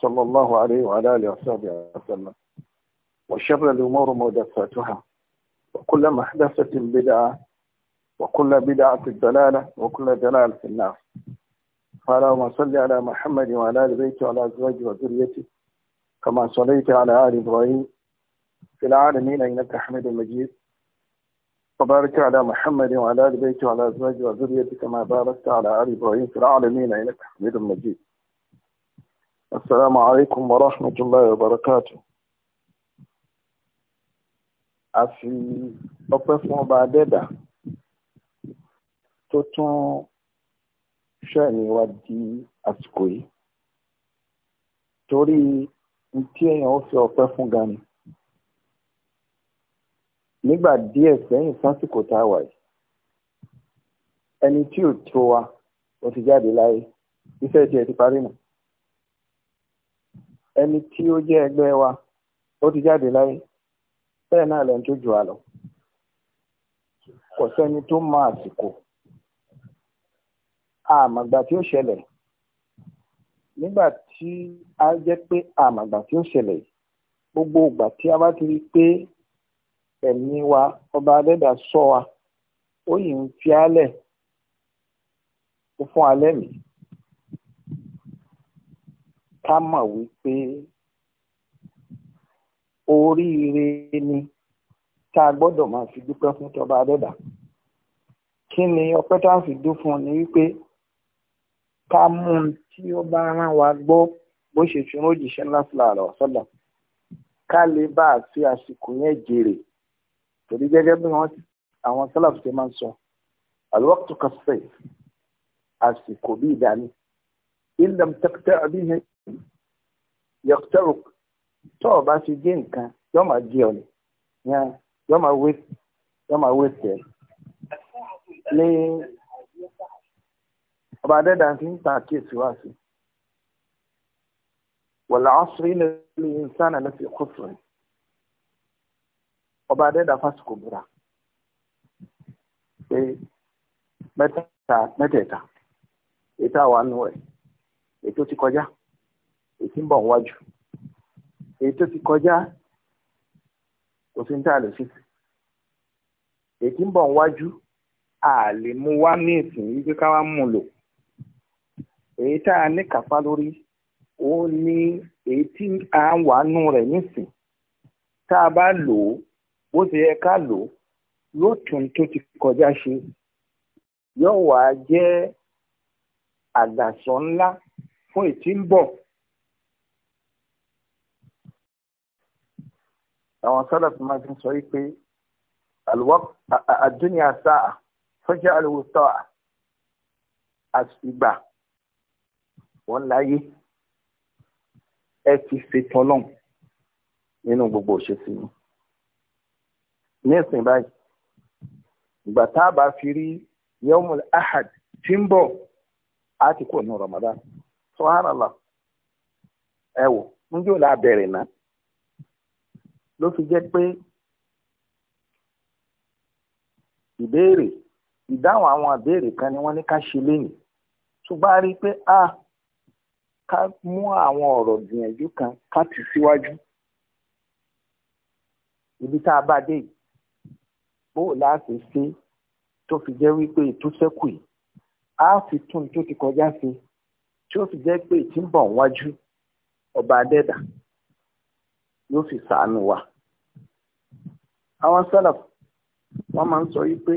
صلى الله عليه وعلى آله وصحبه وسلم وشر الأمور مدفاتها وكل محدثة بدعة وكل بدعة الدلالة وكل دلالة في النار فاللهم صل على محمد وعلى آل بيته وعلى أزواجه وذريته كما صليت على آل إبراهيم في العالمين إنك حميد مجيد وبارك على محمد وعلى آل بيته وعلى أزواجه وذريته كما باركت على آل إبراهيم في العالمين إنك حميد مجيد السلام عليكم ورحمة الله وبركاته àfi ọpẹ́ fún ọba adẹ́dà tó tún ṣẹ̀mí wa di àsìkò yìí torí tí èèyàn ó fi ọpẹ́ fún gan ni nígbà díẹ̀ sẹ́yìn sásìkò tá a wà yìí ẹni tí ò tó wa ó ti jáde láyé iṣẹ́ tiẹ̀ ti parí nù ẹni tí ó jẹ́ ẹgbẹ́ wa ó ti jáde láyé bẹ́ẹ̀ náà lẹ́ni tó jù á lọ kò sẹ́ni tó mọ àsìkò àmàgbà tí ó ṣẹlẹ̀ nígbà tí a jẹ́ pé àmàgbà tí ó ṣẹlẹ̀ gbogbo ìgbà tí a bá ti rí i pé ẹ̀mí wa ọba adẹ́dà sọ wa ó yìí ń fi álẹ̀ ó fún alẹ́ mi ká mọ̀ wípé oríire ni tá a gbọ́dọ̀ máa fi dúpẹ́ fún tọba adẹ́dà kí ni ọpẹ́ tá a fi dú fún un ni wípé ká mú un tí ó bá rán wa gbọ́ bó ṣe fi rán òjíṣẹ́ ńlá fúlàrà ọ̀sọ́dà ká lè bá a fi àsìkò yẹn jèrè torí gẹ́gẹ́ bí wọ́n àwọn sálàfù ṣe máa ń sọ alwaqtu kasayf àsìkò bí ìdání ilẹ̀ mùtẹ́kítẹ́ àbíyẹn yọ̀tọ̀rọ̀ tó o bá ti gé nǹkan yóò máa gé ọ lẹ̀ yóò máa wé yóò máa wé tẹ̀ ní ọba adẹ́dà fi ń ta àkíyèsí wá sí wọ̀lá ọ́sùn ilẹ̀ ní ìsánà ló fi kó sùn ọba adẹ́dà fásitì kò búra pé mẹ́tẹ̀ẹ̀ta mẹ́tẹ̀ẹ̀ta ètò àwọn àánú ẹ̀ ètò ti kọjá. ètí èyí tó ti kọjá kò sí ní tá lè a lè mú wá ní ìsìn yìí pé ká wá mú lò èyí tá a ní lórí ó ní èyí tí a ń wà nù rẹ̀ nísìn tá a bó ti yẹ ká lò ó yóò tún tó ti kọjá fún àwọn sálàfù máa fi sọ wípé àdúnyà sáà fọ́jà àlùwòsàn àṣìgbà wọ́n láyé ẹ ti ṣetán lọ́hùn nínú gbogbo òṣèṣì mi nísìn báyìí ìgbà tá a bá fi rí yawmul ahad tí ń bọ̀ á ti kúrò ní Ramadan subhanallah ẹ wò ń jò láà náà ló fi jẹ́ pé ìbéèrè ìdáhùn àwọn àbéèrè kan ni wọ́n ní ká ṣe léyìn ṣùgbọ́n a rí i pé a ká mú àwọn ọ̀rọ̀ gbìyànjú kan ká tì síwájú ibi tá a bá dé bó láti ṣe tó fi jẹ́ wípé ìtúsẹ́kù yìí a fi tún tó ti kọjá sí tí ó fi jẹ́ pé ìtìǹbọ̀ wájú ọba adẹ́dà yóò fi ṣàánú wa àwọn sálàf wọ́n máa ń sọ yí pé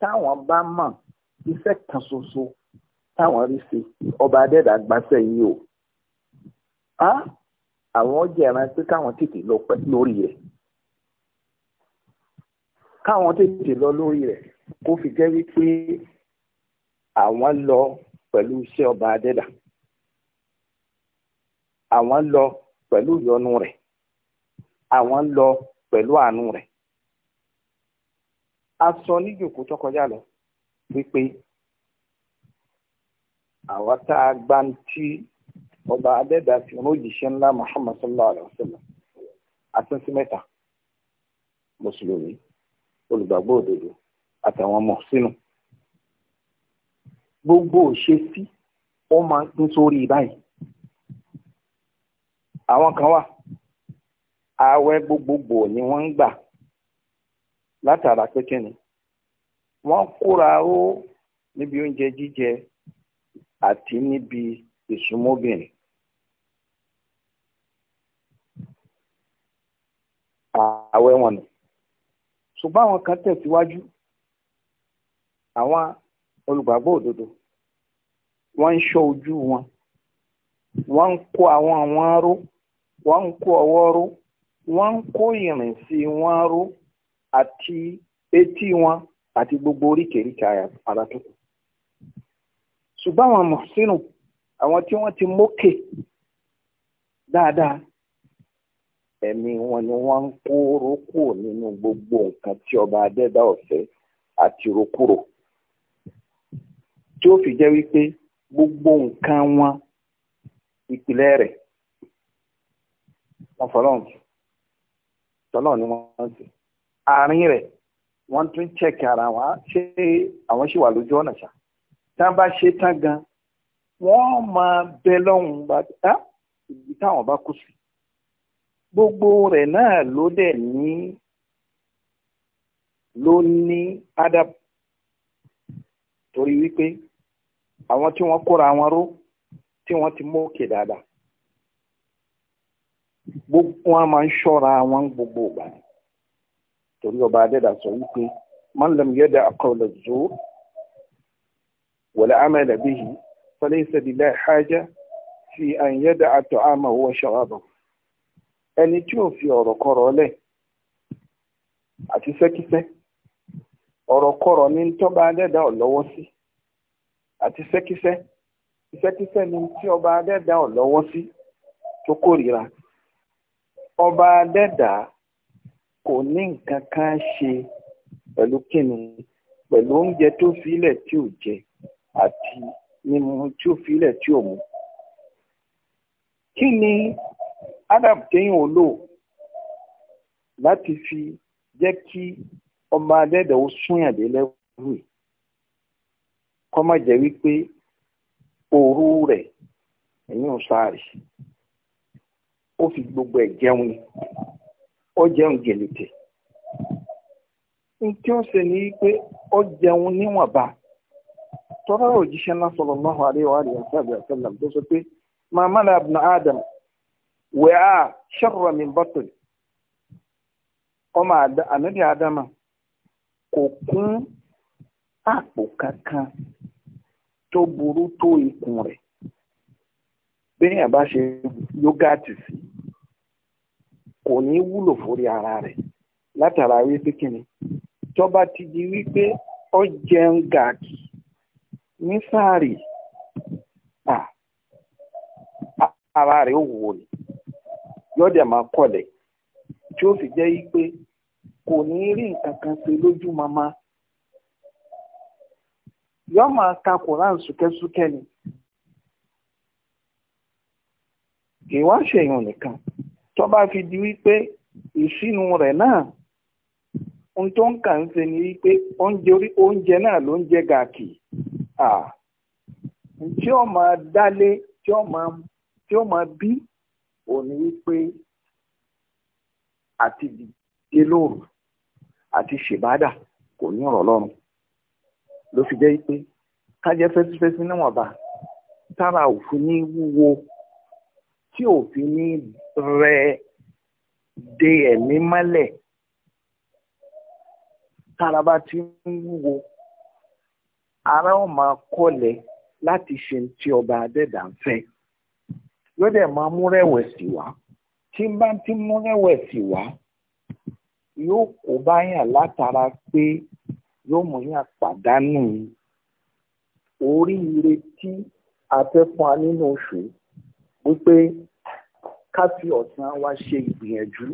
táwọn bá mọ̀ iṣẹ́ kan ṣoṣo táwọn rí ṣe ọba adẹ́dà gbàṣẹ yìí o àwọn jẹ̀ràn pé káwọn tètè lọ pẹ̀ lórí rẹ̀ káwọn tètè lọ lórí rẹ̀ kó fi jẹ́ wípé àwọn lọ pẹ̀lú iṣẹ́ ọba adẹ́dà àwọn lọ pẹ̀lú ìyọ́nú rẹ̀ àwọn lọ pẹ̀lú àánú rẹ̀ a sọ níjòkó tó kọjá lọ wípé àwa tá a gbá ń tí ọba adẹ́dà fi rán òjíṣẹ́ ńlá Muhammad sallallahu alayhi wa sallam àtúnṣe mẹ́ta mùsùlùmí olùgbàgbọ́ òdodo àtàwọn ọmọ sínú gbogbo òṣèṣí ó máa ń sórí báyìí àwọn kan wà ààwẹ̀ gbogbogbò ni wọ́n ń gbà látara pé kíni wọ́n kóra ó níbi oúnjẹ jíjẹ àti níbi ìsúnmọ́bìnrin. àwẹ̀ wọn ni. ṣùgbọ́n àwọn kan tẹ̀síwájú àwọn olùgbàgbọ́ òdodo wọ́n ń ṣọ ojú wọn wọ́n ń kó àwọn àwọn aró. wọ́n ń kó ọwọ́ aró. wọ́n ń kó ìrìn sí wọn aró. àti etí wọn àti gbogbo oríkèéríkè ara tó kù. ṣùgbọ́n àwọn àwọn tí wọ́n ti mókè dáadáa ẹ̀mí wọn ni wọ́n ń kó nínú gbogbo nǹkan tí ọba adẹ́dá ọ̀fẹ́ àti rokúrò tí ó fi jẹ́ wípé gbogbo nǹkan wọn ìpìlẹ̀ rẹ̀ wọ́n fọlọ́run tọ́lọ́run ni wọ́n ń sìn. àárín rẹ̀ wọ́n tún check ara wọn ṣe àwọn ṣì wà lójú ọ̀nà ṣá tá a bá ṣe tán gan wọ́n máa bẹ lọ́hùn bá dá ibi táwọn bá kù sí gbogbo rẹ náà ló dẹ̀ ní ló ní ádàbò torí wípé àwọn tí wọ́n kóra wọn ró tí wọ́n ti mú òkè dáadáa gbogbo wọn máa ń ṣọ́ra wọn gbogbo ìgbà yẹn. torí ọba adẹ́dà sọ wípé man lam yada qawla az-zur wala amala bihi falaysa lillahi haja fi an yada'a ta'amahu wa sharabahu ẹni tí ò fi ọ̀rọ̀ kọ̀rọ̀ lẹ̀ àti sẹ́kísẹ́ ọ̀rọ̀ kọ̀rọ̀ ní tọ́ba adẹ́dà ọ̀lọ́wọ́ sí àti sẹ́kísẹ́ sẹ́kísẹ́ ní tí ọba adẹ́dà ọ̀lọ́wọ́ sí tó kórìíra ọba adẹ́dà kò ní nǹkan kan ṣe pẹ̀lú kíni pẹ̀lú oúnjẹ tó filẹ̀ tí ò jẹ àti mímu tí ó filẹ̀ tí ò mu. kí ni adab téèyàn ò lò láti fi jẹ́ kí ọba adẹ́dẹ̀ ó súnyàn kọ́ má jẹ́ wípé òru rẹ̀ ẹ̀yìn ò sáré ó fi gbogbo ẹ̀ jẹun o jẹun gèlètè tí ó ṣe ní pé ó jẹun na tọ́lá òjíṣẹ́ náà sallallahu alaihi abịa sallam tó sọ pé màmá la ibn Adam wẹ́ẹ́ sharra min batn ọmọ ànábì Ádámà kò kún àpò kankan tó buru tó ikùn rẹ̀ bẹ́ẹ̀ ṣe kò ní wúlò fórí ara rẹ̀ látara wípé kíni tọba ti di wípé ọ jẹun gàkì ní sáàrì ara rẹ̀ ò wò ni yọ́dẹ̀ máa kọ̀lẹ̀ tí ó fi jẹ́ wípé kò ní rí nǹkan kan ṣe lójú mama yọ máa ka koran súkẹ́súkẹ́ ni kì í wá ṣèyàn nìkan tó bá fi di wípé ìsinu rẹ̀ náà ohun tó ń kà ń ṣe ni wípé oúnjẹ orí oúnjẹ náà ló ń jẹ gàkì tí ó máa dálé tí ó máa tí ó máa bí òní wípé àti dìde lóru àti ṣèbádà kò ní ọ̀rọ̀ lọ́rùn ló fi jẹ́ wípé ká jẹ́ fẹ́sífẹ́sí níwọ̀nba tára òfin ní wúwo tí ò ní rẹ de ẹ̀mí mọ́lẹ̀ tára bá ti ń wúwo ara ó máa kọ́lẹ̀ láti ṣe tí ọba adẹ́dà ń fẹ́ yóò dẹ̀ máa mú rẹ̀wẹ̀sì wá tí bá ti mú rẹ̀wẹ̀sì wá yóò kó báyàn látara pé yóò mú yàn pàdánù oríire tí a fẹ́ fún wa nínú oṣù yìí wípé ká fi ọ̀sán wa ṣe ìgbìyànjú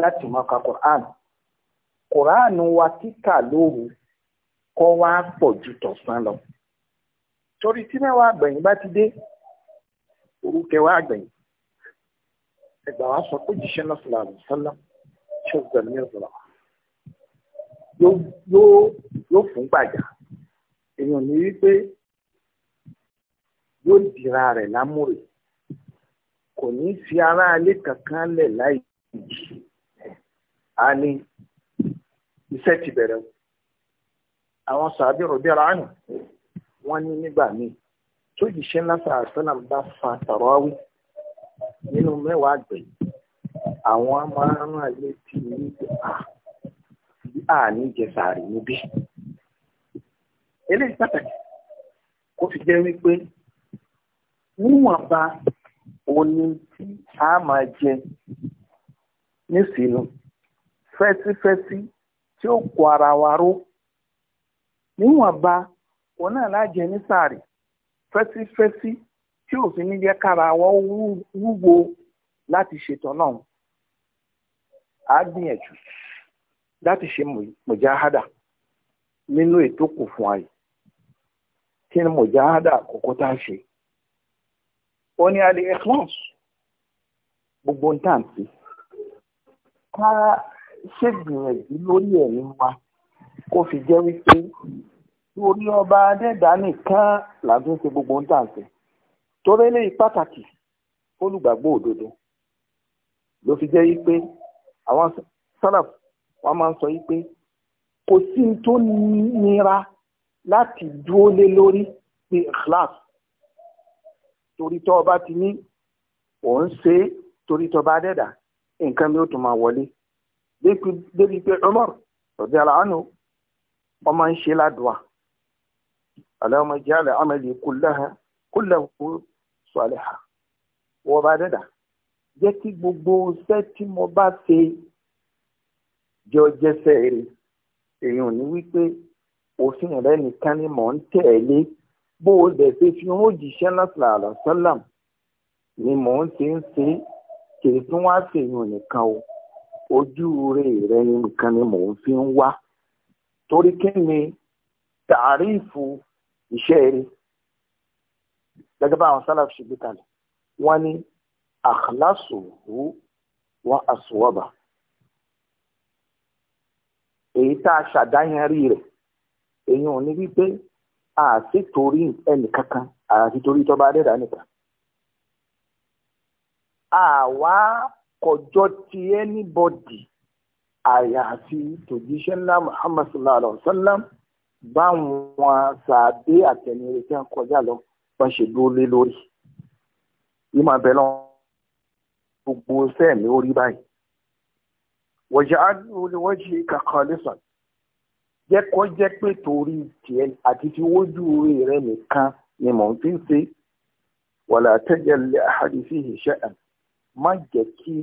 láti máa ka Quran Quran wa kíkà lóru kọ́ wa pọ̀ ju tọ̀sán lọ torí tí mẹ́wàá àgbẹ̀yìn bá ti dé òru kẹwàá àgbẹ̀yìn ẹgbà wa sọ pé jíṣẹ́ náà sọ̀rọ̀ àrùn sọ́lá ṣé ògbà ní ọ̀sọ̀rọ̀ yóò fún gbàjà èèyàn ní wípé yóò dira rẹ̀ lámúrè kò ní fi aráalé kankan lẹ̀ láì jì á ní iṣẹ́ ti bẹ̀rẹ̀ àwọn sàbí rọ̀bí ara àyàn wọ́n ní nígbà míì tó jìṣẹ́ lásà àṣọ́nà bá fa tàrọ́wí nínú mẹ́wàá àgbẹ̀ àwọn amáràn alẹ́ ti ní à ní jẹsàárì níbí eléyìí pàtàkì kó fi jẹ́ wípé níwọ̀nba òní tí a máa jẹ nísìnyí fẹ́sífẹ́sí tí ó kó ara wa ró níwọ̀nba òun náà lájẹ ní sàárì fẹ́sífẹ́sí tí òfin ní jẹ́ kára wa wúwo láti ṣètò náà á gbìyànjú láti ṣe mùjáhádà nínú ètò kò fún ayé kí ni mùjáhádà tá a ṣe ó ní alẹ́ ikhlas gbogbo ń tàǹtì ká ṣègbìyànjú lórí ẹ̀mí wa kó fi jẹ́ wípé orí ọba adẹ́dá nìkan làbí ń ṣe gbogbo ń tàǹtì torí eléyìí pàtàkì olùgbàgbọ́ òdodo ló fi jẹ́ wípé àwọn sálàf wọn máa ń sọ wípé kò sí tó nira láti dúró lé lórí bí ikhlas torí tó ọba ti ní òun ṣe é torí tó ọba dẹ́dà nǹkan mi tún máa wọlé débi pé Umar radiyallahu anhu ọmọ ń ṣe ládùá Allahumma ij'al amali kullaha kullahu saliha wọ́n ọba dẹ́dà jẹ́ kí gbogbo ṣẹ́ tí mo bá ṣe jẹ́ ọjẹ́ sẹ́ẹ̀rẹ̀ èèyàn ní wípé òfin rẹ nìkan ni mò ń tẹ̀lé bó o dẹ̀ ṣe fi owó jíṣẹ́ lọ́sàlá àlọ́sọ́làm ni mò ń ṣe ń ṣe kì í tún wá ṣèyàn nìkan o ojú rẹ̀ rẹ̀ nìkan ni mò ń fi ń wá torí kí ni tàríìfù iṣẹ́ rẹ̀ gẹ́gẹ́ bá àwọn sálàfù ṣe gbé kalẹ̀ wọ́n ní àkàlàsòwò wọn àsùwọ̀bà èyí tá a ṣàdáyẹn rẹ̀ èyí ò ní wípé àti torí ẹnì kankan àti torí tọ́ba adẹ́dà nìkan. àwa kọjọ ti anybody àyàfi tòjíṣẹ́ ńlá muhammad sallallahu alayhi wa sallam báwọn sàbẹ àtẹnirẹ tí wọn kọjá lọ wọn ṣe dúró lé lórí ìmọ̀ abẹ lọ gbogbo sẹ́ẹ̀mí orí báyìí wọ́n jẹ́ àdúró ni wọ́n ṣe kankan lẹ́sàn jẹ́ kó jẹ́ pé torí tiẹ̀ àti fi wójú orí rẹ nìkan ni mò ń fi ń ṣe wàlà àtẹ́jẹ́ lè àhàdì sí ìṣẹ́ ẹ̀ má jẹ́ kí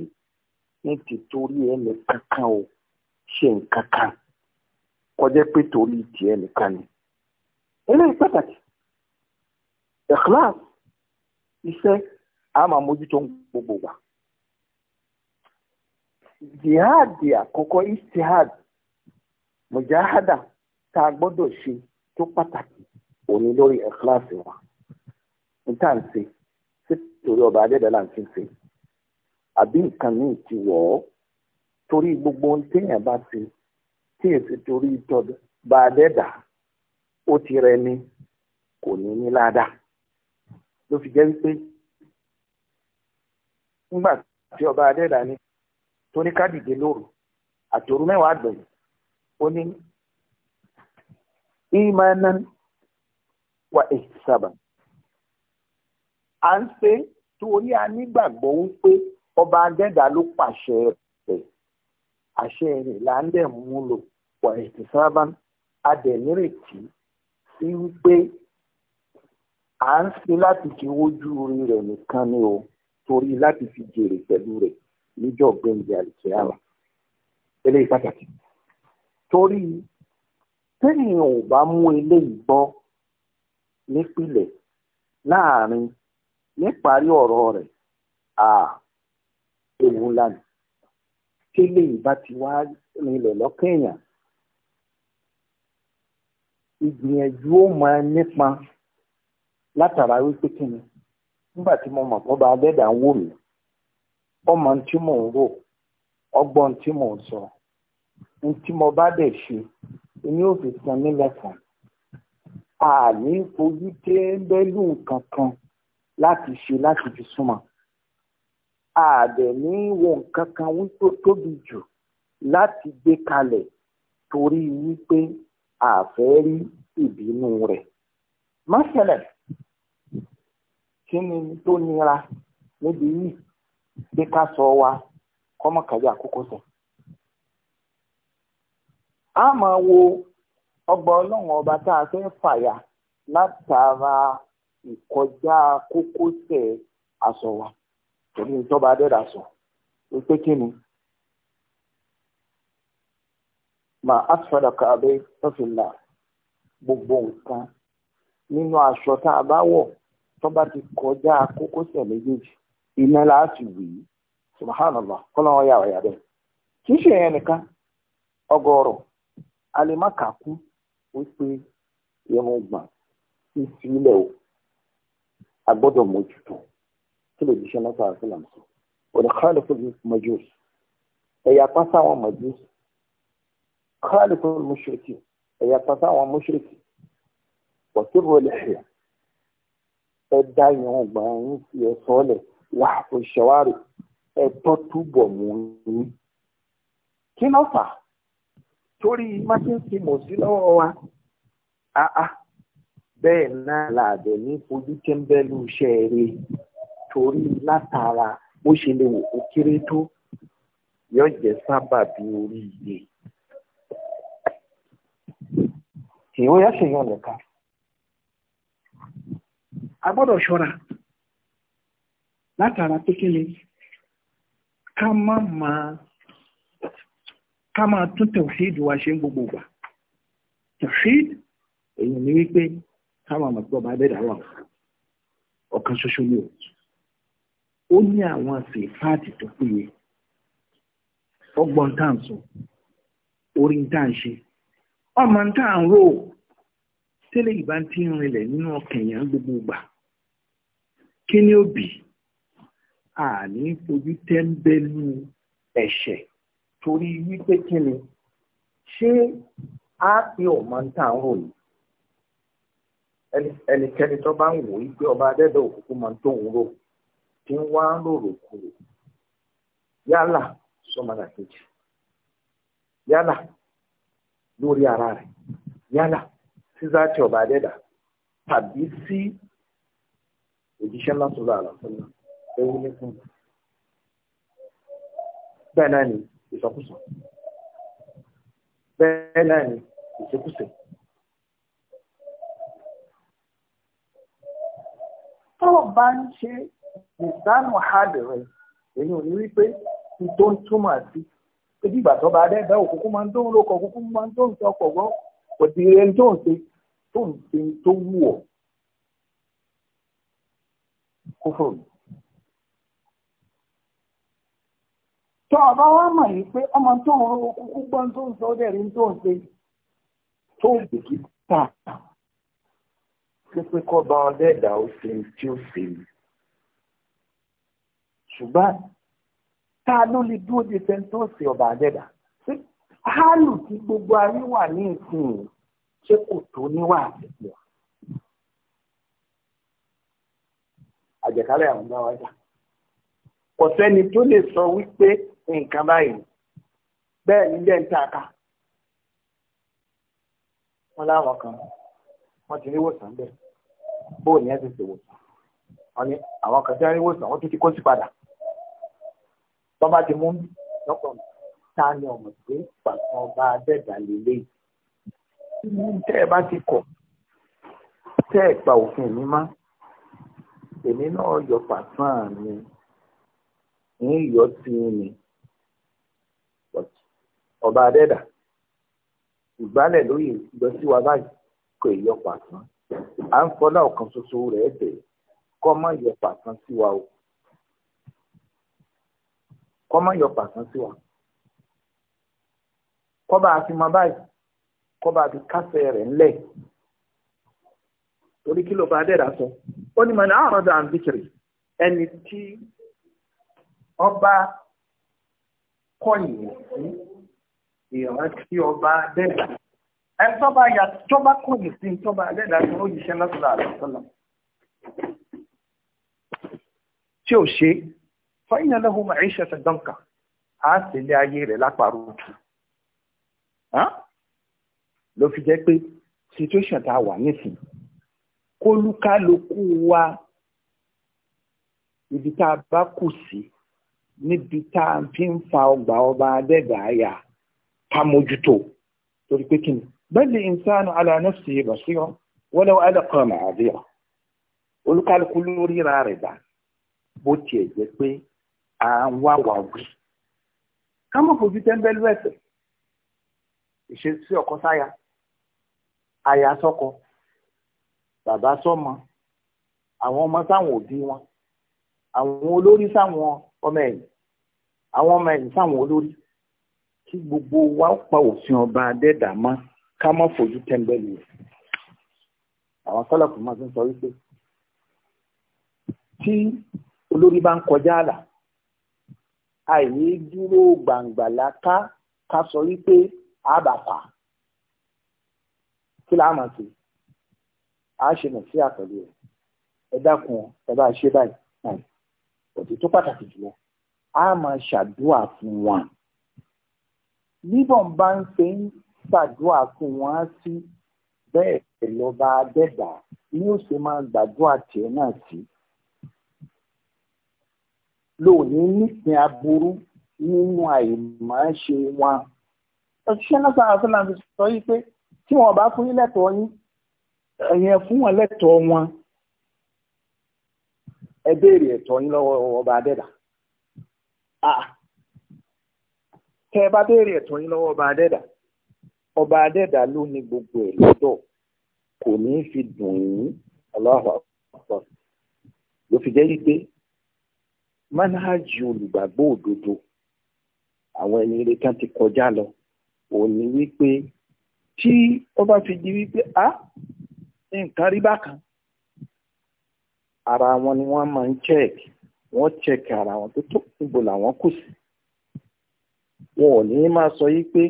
ní ti torí ẹnì kankan o ṣe nǹkan kan kó jẹ́ pé torí tiẹ̀ nìkan ni. eléyìí pàtàkì ikhlas iṣẹ́ a máa mójútó gbogbo wa. jihad àkọ́kọ́ istihad mujahada tá a gbọ́dọ̀ ṣe tó pàtàkì òní lórí ẹ̀kíláàsì wa níta ń ṣe sí torí ọba adẹ́dàá là ń fi ṣe àbí nǹkan míì ti wọ̀ ọ́ torí gbogbo ohun téèyàn bá ṣe tí èsì torí tọ́dọ̀ bá adẹ́dàá ó ti rẹ ni kò ní ní ládàá ló fi jẹ́ wípé nígbà tí ọba adẹ́dàá ni tó ní lóru àtòrú mẹ́wàá àgbẹ̀yìn ó ní imanan wa ihtisaban a ń ṣe torí a nígbàgbọ́ wípé ọba agẹ́dà ló pàṣẹ rẹ̀ àṣẹ rẹ̀ là ń dẹ̀ mú lò wa a dẹ̀ nírètí sí wípé à ń ṣe láti fi wójú rẹ̀ nìkan ni o torí láti fi jèrè pẹ̀lú rẹ̀ níjọ́ gbẹ̀ǹdẹ̀ àlùkìyàmà eléyìí pàtàkì. torí téèyàn ò bá mú eléyìí gbọ́ nípìnlẹ̀ láàrin níparí ọ̀rọ̀ rẹ̀ à ewu ńlá ni kélé bá ti wá rinlẹ̀ lọ́kẹ́yàn ìgbìyànjú ó máa nípa látara wípé kí ni nígbà tí mo mọ̀ ní tí mo bá dẹ̀ ṣe èmi ò fi san mí lẹ́san àní fojú tẹ́ńbẹ́lú nǹkan kan láti ṣe láti fi súnmọ́ àdẹ̀ ní wo nǹkan kan wípé tóbi jù láti gbé kalẹ̀ torí wípé àfẹ́ rí ìbínú rẹ̀ mọ́sẹ̀lẹ̀ kí ni tó nira níbi yìí gbé ká sọ wa kọ́mọkàyà àkókò sọ̀rọ̀. a máa wo ọgbà ọlọ́run ọba tá a fẹ́ fàyà látara ìkọjá kókósẹ̀ aṣọ wa torí ìjọba adẹ́dà sọ pé kí ni ma gbogbo nǹkan nínú aṣọ tá a bá wọ̀ tó ti kọjá kókósẹ̀ méjèèjì iná láti wì í subhanallah bẹ́ẹ̀ kì í ṣe a lè má kà kú wípé irun gbọ̀n ìsì ilẹ̀ o a gbọ́dọ̀ mójútó kí lè jíṣẹ́ náà sọ̀rọ̀ sílẹ̀ sọ òní khalifu majus ẹ̀yà pásá àwọn majus khalifu mushriki ẹ̀yà pásá àwọn mushriki wàtúrò lẹ́yìn ẹ dá irun gbọ̀n yín sí ẹ sọ́ọ̀lẹ̀ wàá fún ṣẹwárì ẹ tọ́ túbọ̀ mú yín kí ló fà á torí mákìnsì mọ̀ sí lọ́wọ́ wa àá bẹ́ẹ̀ náà làbẹ̀ ní fojú tẹ́ńbẹ́lú iṣẹ́ rẹ̀ torí látara bó ṣe lè wò ó kéré tó yóò jẹ́ sábàbí oríire. èèyàn yá ṣèyàn nìkan a gbọ́dọ̀ ṣọ́ra látara pé kí ni ká má máa ká máa tún tẹ̀wíìdì wa ṣe ń gbogbo ìgbà tẹ̀wíìdì èyí ni wípé ká máa mọ̀ pé ọba abẹ́dà wà ọ̀kan ṣoṣo ni o ó ní àwọn sèpáàtì tó péye ọgbọ́n tá à ń sọ orí tá à ń ṣe ọmọ tá à ń rò tẹ́lẹ̀ ìbá ti ń rinlẹ̀ nínú ọkàn èèyàn gbogbo ìgbà kí ni ó bì á ní fojú tẹ́ńbẹ́lú ẹ̀ṣẹ̀ torí wípé kí ni ṣé á pé ọmọ ń tà ń rò ní ẹnikẹ́ni tó bá ń wò í pé ọba adẹ́dẹ́ òkùnkùn máa ń tó ń rò tí ń wá ń rò yálà sọmọdà kejì yálà lórí ara rẹ̀ yálà sísá tí ọba adẹ́dà tàbí sí òjíṣẹ́ lásìlọ́ àlàfo náà ewu ní fún bẹ́ẹ̀ náà ìsọkúsọ bẹ́ẹ̀ náà ni ìṣekúṣe. tọ́wọ́ bá ń ṣe ìsánù àdìrẹ èyí ò ní wípé tó ń túmọ̀ sí ebi ìgbà tó bá dẹ́gbẹ́ òkùnkùn máa ń tó ń lókọ òkùnkùn máa ń tó ń sọ ọkọ̀ gbọ́ kò sí ẹni tó ń ṣe tó ń ṣe tó wù ọ́ kófòrò. tó ọba wá mọ̀ yìí pé ọmọ tó ń ro kúkú gbọ́n tó ń sọ ó dẹ̀rí tó ń ṣe tó ń bìkì tà pípé kọ́ bá wọn lẹ́dà ó ṣe tí ó ṣe ni ṣùgbọ́n ta ló lè dúró de fẹ́ tó ṣe ọba àdẹ́dà hálù tí gbogbo ayé wà ní ìsìn ṣé kò tó níwà àtẹ̀tẹ̀ àjẹkálẹ̀ àwọn ọmọ wa jà kò sẹ́ni tó lè sọ wípé nǹkan báyìí bẹ́ẹ̀ ni bẹ́ẹ̀ ń tàka wọ́n láwọn kan wọ́n ti ní ìwòsàn bẹ́ẹ̀ bóò ní ẹ ti ṣèwòsàn wọ́n ní àwọn kan tí wọ́n ní ìwòsàn wọ́n tún ti kó sí padà tó bá ti mú lọ́pọ̀ ta ni ọmọ pé pàtó ọba adẹ́dà lélẹ̀ tẹ́ ẹ bá ti kọ̀ tẹ́ ẹ pa òfin mi mọ́ èmi náà yọ pàtó mi ń yọ sí mi. ọba adẹ́dà ìgbálẹ̀ lórí lọ sí wa báyìí kò yọ pàtàn à ń fọlá ọ̀kan ṣoṣo rẹ̀ kọ́ má yọ pàtàn sí wa o kọ́ má yọ pàtàn sí wa a báyìí kásẹ̀ rẹ̀ ńlẹ̀ torí kí ló sọ ó ọba kọ́yìn sí. ìrántí ọba dẹ́dà ẹni tó bá yà tó bá kọ̀yìn sí tó bá dẹ́dà tó ó yíṣẹ́ lọ́sọ̀lá àlọ́sọ̀lá tí ò ṣe fọ́yìn ẹlẹ́hùn máa ń ṣẹ̀ṣẹ̀ dọ́ǹkà á sì lé ayé rẹ̀ lápárò tù ló fi jẹ́ pé situation tá a wà nísìnyí kólúkálukú wa ibi tá a bá kù sí níbi tá a fi ń fa ọgbà ọba adẹ́gàáyà ká mójútó torí pé kíni bẹ́ẹ̀ni ìnsánu ala nafsihi basira walau alqa ma'adira olúkálukú lórí ra rẹ̀ dà bó tiẹ̀ jẹ́ pé à ń wá wà wí ká mọ̀ fojú tẹ́ńbẹ́lú ẹ̀sẹ̀ ìṣesí ọkọ sáya aya sọ́kọ bàbá sọ́mọ àwọn ọmọ sáwọn òbí wọn àwọn olórí sáwọn ọmọ ẹ̀yìn àwọn ọmọ ẹ̀yìn sáwọn olórí kí gbogbo wa pa òfin ọba adẹ́dà mọ́ ká má fojú tẹ́ńbẹ́lì rẹ̀ àwọn sọ́lọ̀kù máa ń sọ wípé tí olórí bá ń kọjá àlà àìní dúró gbàǹgbà láká ká sọ wípé àbàpà kí láà máa ṣe á ṣe nà sí àpẹẹrẹ rẹ ẹ dákun ẹ bá ṣe báyìí òtítọ́ pàtàkì jùlọ á máa ṣàdúrà fún wọn níbọn bá ń ṣe ń ṣàdúrà fún wọn sí bẹ́ẹ̀ lọ́ba adẹ́dà ni ó ṣe máa gbàdúrà tiẹ̀ náà sí. lónìí nípìn aburú nínú àìmọ̀ọ́ṣe wọn. òṣìṣẹ́ náà sára fún láti sọ yìí pé tí wọn bá fún yín lẹ́tọ̀ọ́ yín ẹ̀yẹn fún wọn lẹ́tọ̀ọ́ wọn ẹ béèrè ẹ̀tọ́ yín lọ́wọ́ ọba adẹ́dà. Ah, tẹ ẹ bá béèrè ẹ̀tọ́ yín lọ́wọ́ ọba adẹ́dà ọba adẹ́dà ló ní gbogbo ẹ̀ lọ́dọ̀ kò ní fi dùn yín Allahu Akbar ló fi jẹ́ wípé mánájì olùgbàgbọ́ òdodo àwọn ẹni rẹ kan ti kọjá lọ òun ni wípé tí ọba fi di wípé a nǹkan rí bákan ara wọn ni wọ́n máa ń check wọ́n check ara wọn tó tó níbo làwọn kù sí wọn ò ní máa sọ yí pé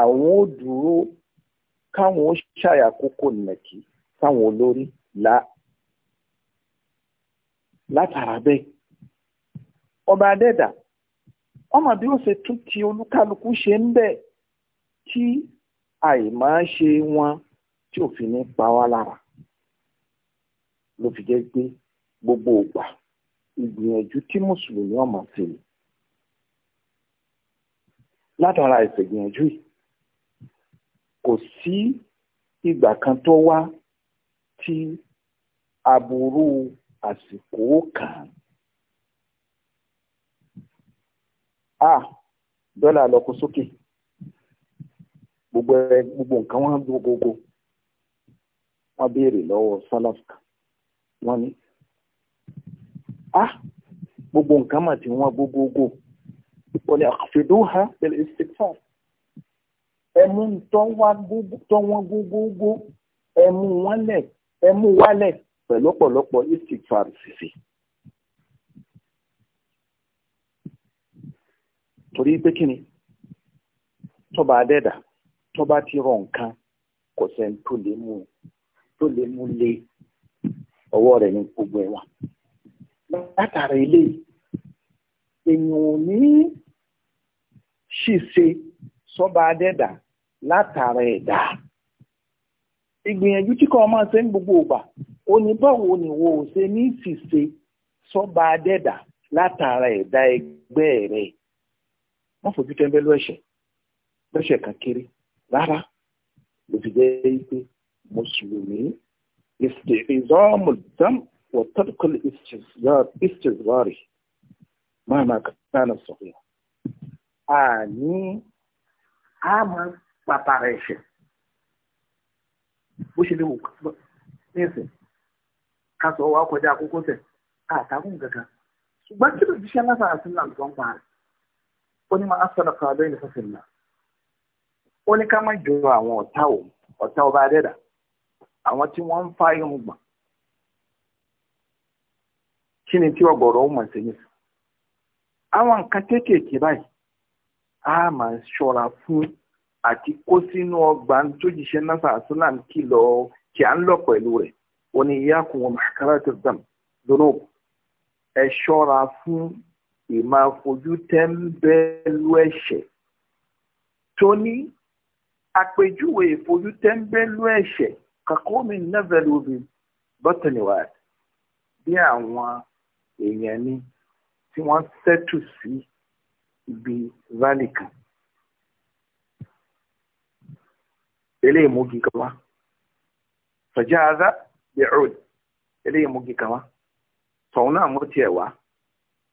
àwọn ò dúró káwọn ó ṣàyàkókò nàkí fáwọn olórí la látara bẹ́ẹ̀ ọba adẹ́dà ọmọ bí ó ṣe tún ti olúkálukú ṣe ń bẹ̀ tí àìmáa ṣe wọn tí òfin ní pa wá lára ló fi jẹ́ pé gbogbo ògbà ìgbìyànjú tí mùsùlùmí ọmọ tèmi látara ìṣègbìyànjú yìí kò sí ìgbà kan tó wá tí aburú àsìkò kan a dọ́là lọ kó sókè gbogbo ẹ gbogbo nǹkan wọn gbogbo wọn béèrè lọ́wọ́ sálàf kan wọn ni a gbogbo nǹkan mà tí wọn gbogbogbò wọ́n ní àfẹ́dúhà pẹ̀lú istighfar ẹmú tọ́ wọn gógógó ẹmú wálẹ̀ ẹmú wálẹ̀ pẹ̀lú ọ̀pọ̀lọpọ̀ istighfar ṣiṣẹ́. torí pé kí ni tọ́ba adẹ́dà tọ́ba ti rọ nǹkan kò sẹ́ni tó lè mú tó lè mú lé ọwọ́ rẹ̀ ní gbogbo ẹ̀wà látara eléyìí èèyàn ò ní ṣìṣe sọ́ba adẹ́dà látara ẹ̀dá ìgbìyànjú tí kò máa ṣe ń gbogbo ògbà ó ní báwo ni wo ò ṣe ní ṣìṣe sọ́ba adẹ́dà látara ẹ̀dá ẹgbẹ́ rẹ̀ wọ́n fojú tẹ́ńbẹ́lú ẹ̀ṣẹ̀ lọ́ṣẹ̀ kan kiri rárá ló fi jẹ́ pé mùsùlùmí ìsìnzọ́mùdám wọ́tọ́kùn ìsìnzọ́rì mọ́ọ̀mọ́ kánà sọ̀rọ̀ àní a máa ń pàpàrà ẹ̀ṣẹ̀ bó ṣe lè wò nísìn ká sọ wá kọjá àkókò tẹ̀ àtàkùn kankan ṣùgbọ́n kí ló fi ṣe aláṣà àti ńlá nǹkan pa rẹ̀ ó ní máa ń sọ̀rọ̀ kan abẹ́ ìlú fẹ́fẹ́ ńlá ó ní ká má jọ àwọn ọ̀tá ò ọ̀tá ọba adẹ́dà àwọn tí wọ́n ń fa irun gbọ̀n kí ni tí ọgọ̀rọ̀ ó mọ̀ sí yìí àwọn nǹkan kéékèèké báyìí a máa ṣọ́ra fún àti kó sínú ọgbà tó jíṣẹ́ náà sàlám kìlọ̀ kí à ń lọ pẹ̀lú rẹ̀ ó ní ìyá kùn wọn màkàrà tó dàm dúró ẹ ṣọ́ra fún ìmá fojú tẹ́ńbẹ́lú ẹ̀ṣẹ̀ tó ní àpèjúwe ìfojú tẹ́ńbẹ́lú ẹ̀ṣẹ̀ kàkómi nẹ́fẹ̀lú bíi bọ́tẹ̀lì wáyé bí àwọn èèyàn ní tí wọ́n to see the valley kan. eléyìí mú gi kan wá sọjá aza bẹ̀rùd eléyìí mú gi kan wá tọ̀hún náà mú tiẹ̀ wá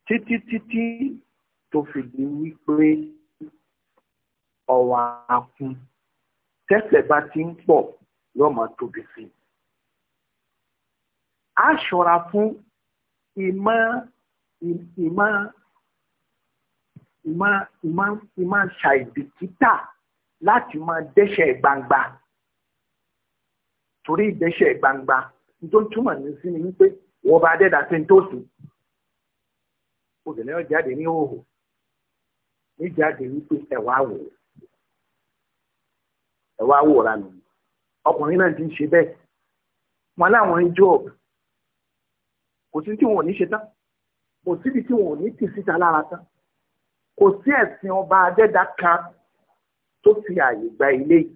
títí títí tó fi di wípé ọwọ́ akun tẹ́sẹ̀ bá ti ń pọ̀ yóò máa tóbi sí i. a ṣọ́ra fún ìmọ̀ ìmọ̀ ìmọ̀ ìmọ̀ ìmọ̀ ṣàìbìkítà láti máa dẹ́ṣẹ̀ gbangba torí ìdẹ́ṣẹ̀ gbangba tó túmọ̀ ní sí ni wípé wọ́n bá dẹ́dà sí tó sùn obìnrin náà jáde ní òhò ní jáde wípé ẹ̀wà wò ẹ̀wà wòra nù ọkùnrin náà ti ń ṣe bẹ́ẹ̀ wọn láwọn ń jọ kò sí tí wọn ò ní ṣe tán kò síbi tí wọn ò ní tì síta lára tán kò sí ẹ̀sìn ọba adẹ́dá kan tó fi àyè gba ilé yìí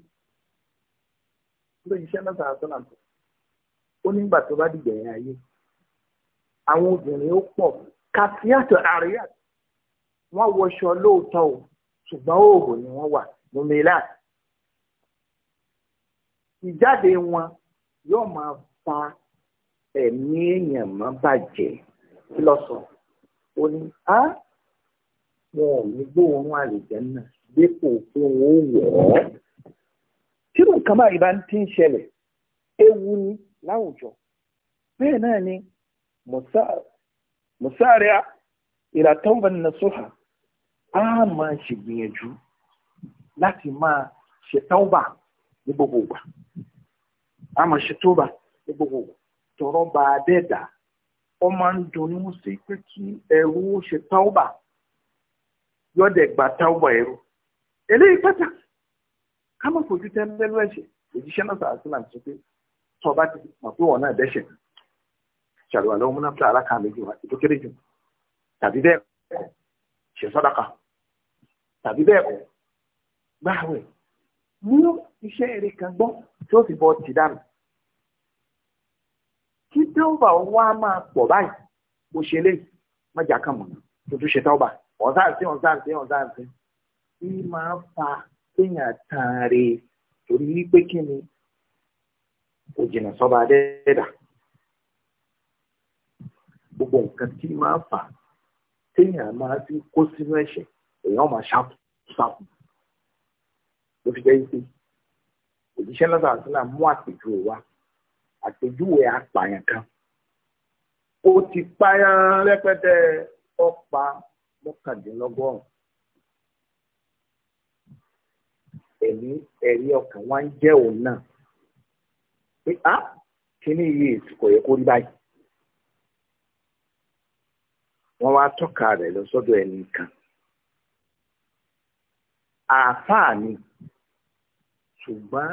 ló ṣiṣẹ́ náà sàrà sọ́nà tó ó nígbà tó bá dìgbà yẹn ayé àwọn obìnrin ó pọ̀ kàfíàtọ̀ àríyá wọ́n wọṣọ lóòótọ́ o ṣùgbọ́n òògùn ni wọ́n wà mọ́mílá ìjáde wọn yóò máa fa ẹ̀mí èèyàn mọ́ bàjẹ́ lọ́sọ̀ọ́ ó ní á wọn ò ní gbóòórùn àlèjẹ́ náà dépò pé wọ́n wọ̀ ọ́. tí nǹkan báyìí bá ti ń ṣẹlẹ̀ ewu ni láwùjọ bẹ́ẹ̀ náà ni mùsáàrẹ́ ìràtọ́wọ̀n nasuha á máa ṣègbìyànjú láti máa ṣètọ́wà ní gbogbo ìgbà á máa ṣètọ́wà ní gbogbo ìgbà tọrọ bá a dẹ́ẹ̀dá ó máa ń dunnú sí pé kí ẹrú ó ṣe táwọ́bà yọ̀dẹ̀ gba táwọ́bà ẹrú eléyìí pàtàkì ká má fojú tẹ́lẹ́lú ẹ̀ṣẹ̀ òjíṣẹ́ náà sàásì náà ti pé tó bá ti mọ̀ pé wọ́n náà dẹ́ṣẹ̀ ṣàlùwà lọ́wọ́ múná pé aláka méjì wá ètò kéré jù tàbí bẹ́ẹ̀ kọ́ ṣe sàdákà tàbí bẹ́ẹ̀ kọ́ gbáwẹ̀ mú iṣẹ́ eré kan gbọ́ tí ó fi bọ́ ti dànù táwùbà òun wá máa pọ̀ báyìí bó ṣe lé mọ́jà kan mọ̀nà tuntun ṣe táwùbà ọ̀nsáǹsí ọ̀nsáǹsí ọ̀nsáǹsí tí máa fa kéèyàn tàn rè torí wípé kí ni kò jìnnà sọ́ba dẹ́dà gbogbo nǹkan tí máa fà téèyàn máa fi kó sínú ẹ̀ṣẹ̀ èèyàn máa ṣàkóso ṣàkóso ló fi jẹ́ ipe òjíṣẹ́ lọ́sàásílà mú àpèjúwe wa àpèjúwe apààyàn kan ó ti pààyàn rẹpẹtẹ ọpa mọ́kàndínlọ́gọ́rùn ẹ̀mí ẹ̀rí ọkàn wa ń jẹ́ òun náà pé á kíní yìí kò yẹ kó rí báyìí wọ́n wá tọ́ka rẹ̀ lọ sọ́dọ̀ ẹnì kan àáfàá ni ṣùgbọ́n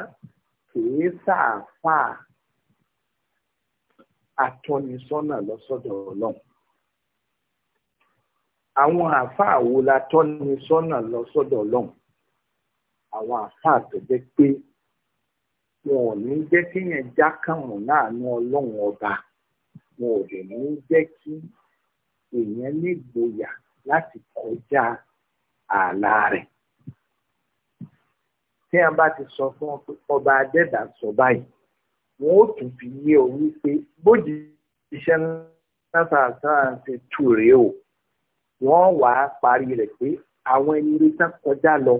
kì í sáàfàá atọ́nisọ́nà lọ́sọ̀dọ̀ ọlọ́run àwọn àáfàá wo la tọ́nisọ́nà lọ́sọ̀dọ̀ ọlọ́run àwọn àáfàá tó jẹ́ pé wọn ò ní jẹ́ kéèyàn já kàrùn láàánú ọlọ́run ọba wọn ò dẹ̀ ní jẹ́ kí èèyàn lè gboyà láti kọjá ààlà rẹ̀ tí a bá ti sọ fún ọba adẹ́dà sọ báyìí wọn ó tún fi yé ọ wípé bójì iṣẹ́ látàtà àti tù rèé o wọ́n wàá parí rẹ̀ pé àwọn ẹni rí tán kọjá lọ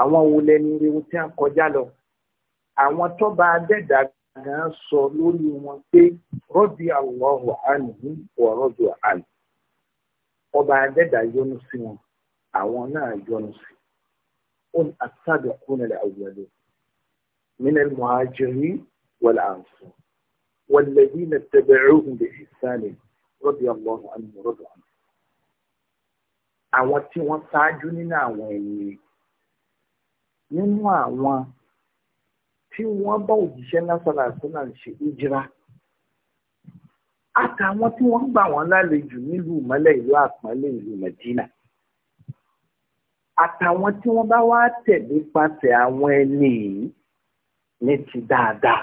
àwọn wo lẹni rí tí wọ́n kọjá lọ àwọn tọ́ba adẹ́dà gan sọ lórí wọn pé rọ́bì Allahu àánú wọ̀rọ̀dù àánú ọba adẹ́dà yọ́nú sí wọn àwọn náà yọ́nú sí wọn àtàdé kúnlẹ̀ àwùjọ lọ minal muhajirin. والأنصار والذين اتبعوهم بإحسان رضي الله عنه ورضوا عنه àwọn tí wọ́n ṣáájú nínú àwọn ẹ̀yìn nínú àwọn tí wọ́n bá òjíṣẹ́ lásàlà sọ́nà ṣe ìjìra àtàwọn tí wọ́n gbà wọ́n lálejò nílùú mọ́lẹ̀ ìlú àpọ́nlé ìlú Mẹ̀dínà àtàwọn tí wọ́n bá wá tẹ̀lé pàṣẹ àwọn ẹni yìí ní ti dáadáa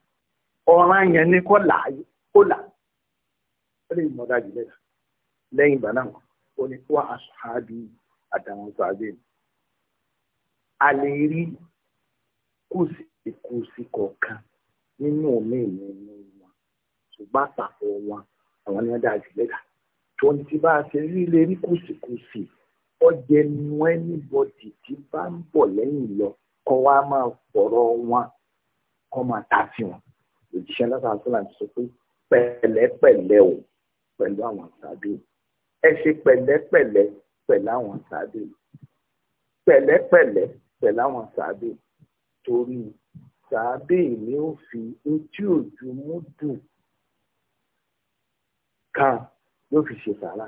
ọ̀ràn yẹn ni kó là kó là ó lè mọ̀ dájú lẹ́yìn lẹ́yìn ìgbà náà ó ní wá aṣáájú àtàwọn sàbẹ̀ mi a lè rí kùsìkùsì kọ̀ọ̀kan nínú omi ìnìyàn wọn ṣùgbọ́n àpapọ̀ wọn àwọn ni wọ́n dájú lẹ́yìn tòun ti bá a ṣe rí lè rí kùsìkùsì ọjẹ nu ẹnibọdì tí bá ń bọ̀ lẹ́yìn lọ kọ́ wa máa fọ̀rọ̀ wọn kọ́ máa ta sí wọn òjíṣẹ́ lọ́sàn àti láti sọ pé pẹ̀lẹ́pẹ̀lẹ́ o pẹ̀lú àwọn àtàbí ẹ ṣe pẹ̀lẹ́pẹ̀lẹ́ pẹ̀lú àwọn àtàbí pẹ̀lẹ́pẹ̀lẹ́ pẹ̀lú àwọn àtàbí torí tàbí ni ó fi ojú òjú mú dùn kan yóò fi ṣe sàrà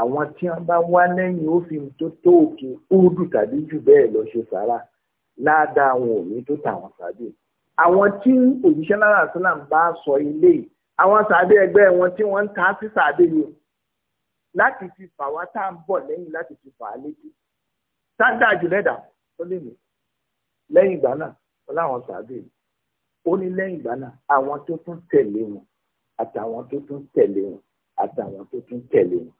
àwọn tí wọn bá wá lẹ́yìn ó fi tó tó òkè ódù tàbí jù bẹ́ẹ̀ lọ ṣe sàrà ládàá àwọn òní tó tà wọn tàbí àwọn tí òjíṣẹ́ náírà sílám bá sọ ilé yìí àwọn sàbẹ̀ ẹgbẹ́ wọn tí wọ́n ń ta sí sàbẹ̀ yìí láti fi fà wá tá à ń bọ̀ lẹ́yìn láti fi fà á létí sáńdà jùlẹ́dà tó lè mí lẹ́yìn ìgbà náà wọ́n láwọn sàbẹ̀ yìí ó ní lẹ́yìn ìgbà náà àwọn tó tún tẹ̀lé wọn àtàwọn tó tún tẹ̀lé wọn àtàwọn tó tún tẹ̀lé wọn.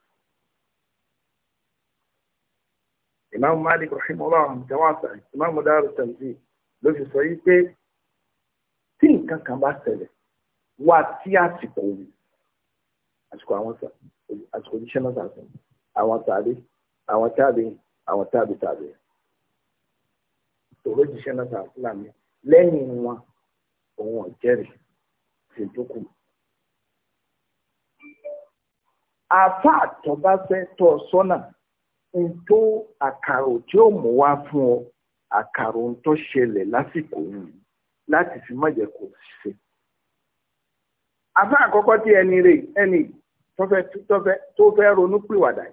ìmáàmù Malik rahimahullah àwọn àmì tẹ́wọ́n àṣà ìmáàmù Darut Tanzil ló fi sọ yìí pé tí nǹkan kan bá ṣẹlẹ̀ wá tí àsìkò wù àsìkò àwọn àsìkò oníṣẹ́ náà sàṣẹ àwọn tàbí àwọn tàbí àwọn tàbí tàbí tòró jíṣẹ́ náà sàṣẹ láàmì lẹ́yìn wọn òun ọ̀jẹ̀rì sì tó kù. àfa àtọ́báfẹ́ tọ́ sọ́nà ń tó àkàrò tí ó mú wá fún ọ àkàrò ń tó ṣẹlẹ̀ lásìkò yìí. láti fi mọ̀jẹ̀ kò ṣe. afá àkọ́kọ́ tí ẹni rè ẹni tó fẹ́ ronú pìwàdà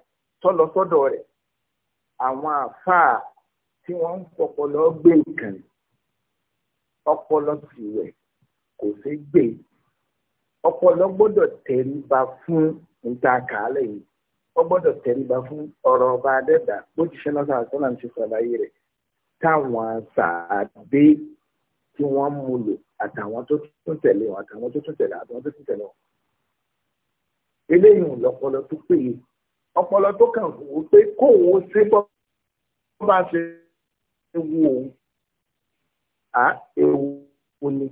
tó lọ sọ́dọ̀ rẹ̀ àwọn afá tí wọ́n ń fọpọlọ gbé nǹkan ọpọlọ tìwẹ̀ kò ṣeé gbé ọpọlọ gbọ́dọ̀ tẹríba fún níta kàálẹ̀ yìí ó gbọ́dọ̀ tẹríba fún ọ̀rọ̀ ọba adẹ́dà bó ti ṣe lọ́sàn àti sọ́nà ti ṣàlàyé rẹ̀ táwọn sàádé tí wọ́n mú lò àtàwọn tó tún tẹ̀lé wọn àtàwọn tó tún tẹ̀lé àtàwọn tó tún tẹ̀lé wọn. eléyìí lọ́pọlọ tó péye ọpọlọ tó kàn fún un pé kóun ó ṣe bọ́ bá ṣe ewu òun à ewu ni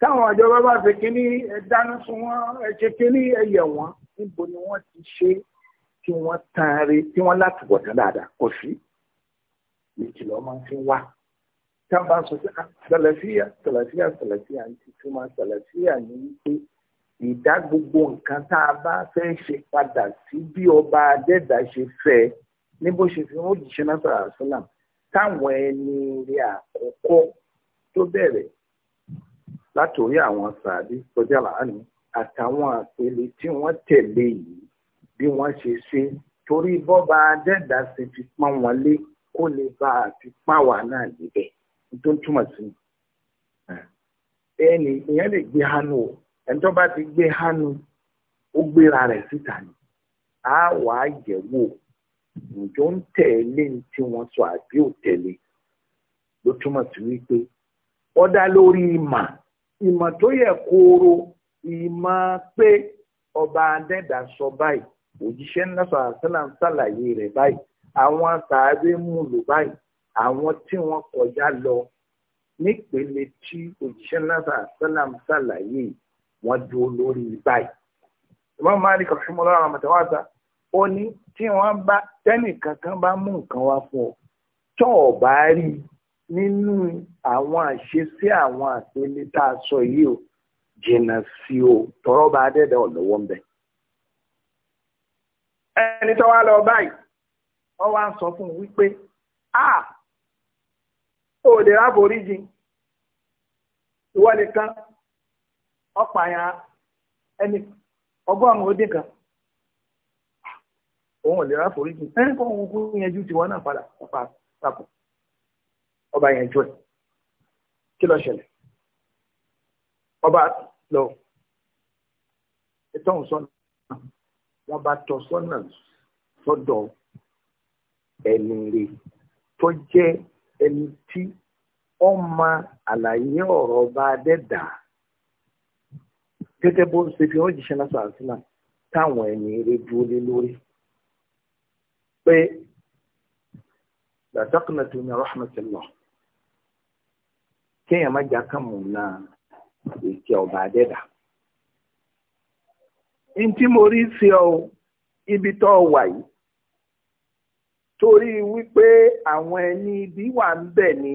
táwọn ìjọba bá ṣe kínní ẹ dáná sun wọn ẹ ṣe kínní ẹ yẹ wọn níbo ni wọ́n ti ṣe tí wọ́n tan re tí wọ́n láti bọ̀ tán dáadáa kò sí ìkìlọ̀ máa ń fi wá tá a bá sọ pé ah, sàlàfíà sàlàfíà sàlàfíà ti túmọ̀ sàlàfíà ní wípé ìdá gbogbo nǹkan tá a bá fẹ́ ṣe padà sí bí ọba adẹ́dà ṣe fẹ́ ní bó ṣe fi wọ́n jíṣẹ́ náà sọ̀rọ̀ àṣọlá táwọn ẹni rẹ̀ àkọ́kọ́ tó bẹ̀rẹ̀ látòrí àwọn sàádé kọjá làánú àtàwọn àpèlè tí wọ́n tẹ̀lé yìí bí wọ́n ṣe ṣe torí bọ́ba adẹ́dà ṣe fi pọ́n wọn lé kó lè bá a fi pọ́n wa náà níbẹ̀ tó ń túmọ̀ sí ẹni ìyẹn lè gbé hánú o ẹni tó bá ti gbé hánú ó gbéra rẹ̀ síta ni á wà á yẹ̀ wò ǹjọ́ ń tẹ̀lé tí wọ́n sọ àbí ò tẹ̀lé ló túmọ̀ sí wípé ó dá lórí ìmọ̀ ìmọ̀ tó yẹ kóró ìmọ̀ pé ọba adẹ́dà sọ báyìí òjíṣẹ́ ńlá sọ̀rọ̀ sálàmù sàlàyé rẹ̀ báyìí àwọn sàábé mú lò báyìí àwọn tí wọ́n kọjá lọ nípele tí òjíṣẹ́ náà sálàm ṣàlàyé wọ́n dúró lórí báyìí. ìmọ̀n Malik rahimahullah rahmatawasa ó ní tí wọ́n bá tẹ́nìkan kan bá mú nǹkan wá fún ọ tọ́ ọ bá rí nínú àwọn àṣesí àwọn àpele tá a sọ yìí o jìnnà sí o tọrọ bá dẹ́dẹ́ ọ̀lọ́wọ́ ń bẹ̀. ẹni tó wá lọ báyìí wọ́n wá ń sọ fún un wípé ah tó lè ráforíjì ìwọ nìkan ọ̀pààyàn ẹni ọgọ́rùn-ún ó dín kan òun ò lè ráforíjì ẹni kó òun kú yanjú tiwọn náà padà ọ̀pá papọ̀ ọba yanjú ẹ̀ kí ló ṣẹlẹ̀ ọba lọ ètò òun sọnà wọn bá tọ́ sọnà sọ́dọ̀ ẹni tó jẹ́ ẹni tí ma àlàyé ọ̀rọ̀ bá dẹ́dà gẹ́gẹ́ bó ṣe fi hàn jíṣẹ́ lásán àti náà táwọn ẹni eré dúró lé lórí pé làtọ́kùnà tó ní rahmatillah kéèyàn má jà kàn náà ọba ntí mo rí sí ọ ibi tó torí wípé àwọn ẹni ibi wà ń bẹ̀ ni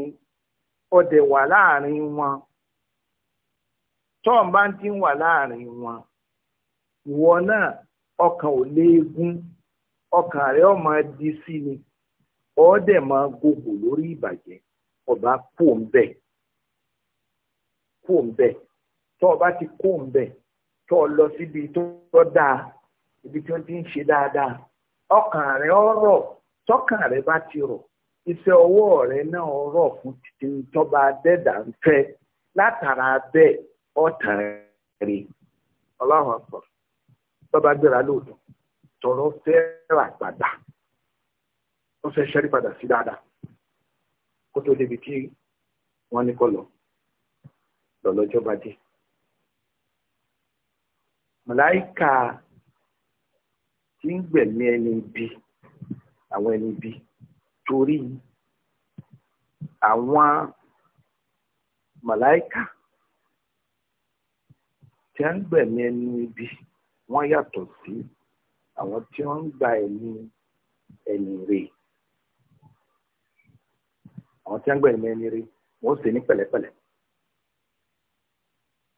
ọdẹ wà láàrin wọn tọ́ọ̀n bá ń ti wà láàrin wọn ìwọ náà ọkàn ò léegun ọkàn rẹ ọmọ di sí ni ọdẹ máa gògò lórí ìbàjẹ́ ọba kò ń bẹ̀ kò ń bẹ̀ tọ́ọ̀ bá ti kò ń bẹ̀ tọ́ọ̀ lọ síbi tó dáa ibi tí wọ́n ti ń ṣe dáadáa ọkàn rẹ ọ̀rọ̀ tọ́kàn rẹ bá ti rọ̀ iṣẹ́ ọwọ́ rẹ náà rọ̀ fún títí tọ́ba dẹ́dà ń fẹ́ látara bẹ́ẹ̀ ọ̀tàn rẹ̀ ọlọ́run ọ̀pọ̀ tọ́ba gbéra lóòótọ́ tọ̀rọ̀ fẹ́ rà padà fẹ́ ṣẹ́rí padà sí dáadáa kó tó débi tí wọ́n àwọn ẹni bí torí àwọn màláìkà tí wọ́n ń gbẹ̀mí ẹni ibi wọ́n yàtọ̀ sí àwọn tí wọ́n ń gba ẹ̀mí ẹni rè àwọn tí wọ́n ń gba ẹ̀mí ẹni rè wọ́n ṣe ní pẹ̀lẹ́pẹ̀lẹ́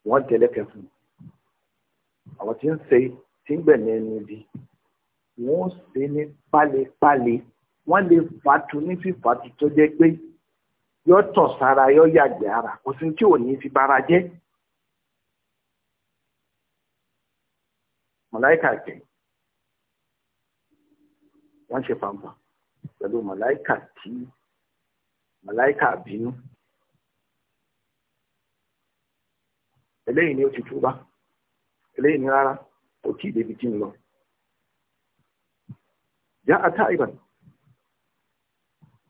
wọ́n jẹ́ lẹ́kẹ̀ẹ́ fún àwọn tí ń ṣe tí ń gbẹ̀mí ẹni ibi wọ́n ṣe ní pálípálí wọ́n lè fàtú ní fífàtú tó jẹ́ pé yọ tọ̀ sára yọ yàgbẹ́ ara kò sí tí ò ní fi bara jẹ́. mọ̀láìkà jẹ́ wọ́n ṣe fàǹfà pẹ̀lú mọ̀láìkà tí mọ̀láìkà bínú. eléyìí ni ó ti túbá eléyìí ni rárá kò tí ì débi tí ń lọ. جاء تائبا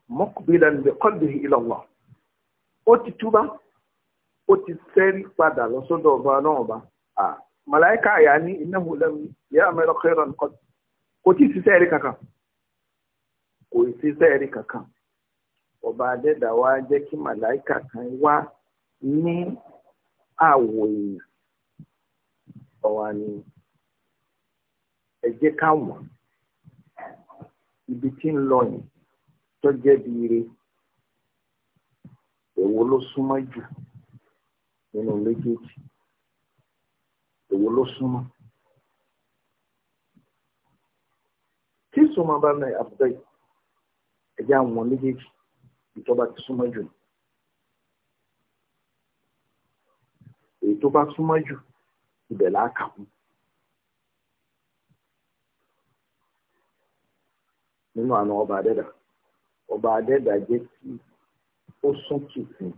مقبلا بقلبه إلى الله ó ti túbá ó ti sẹ́rí padà lọ sọ́dọ̀ ọba náà ọba màláìka àyà ní innahu lam ya'mal khayran qad kò tí ì sí sẹ́ẹ̀rí kankan kò ì sí sẹ́ẹ̀rí kankan ọba adẹ́dà wa jẹ́ kí màláìka kan wá ní àwò èèyàn ọ̀wà ni ẹ jẹ́ ká wọ̀n ibi tí ń lọ yìí tó jẹ́ bí ire èwo ló súnmọ́ jù nínú méjèèjì èwo ló súnmọ́. tí súnmọ́ bá náà àbúdá yìí ẹ̀jẹ̀ àwọn méjèèjì ìjọba ti súnmọ́ jù. èyí tó bá súnmọ́ jù ibẹ̀ làá nínú àna ọba àdẹ́dà ọba àdẹ́dà jẹ́ kí ó sún kìsìn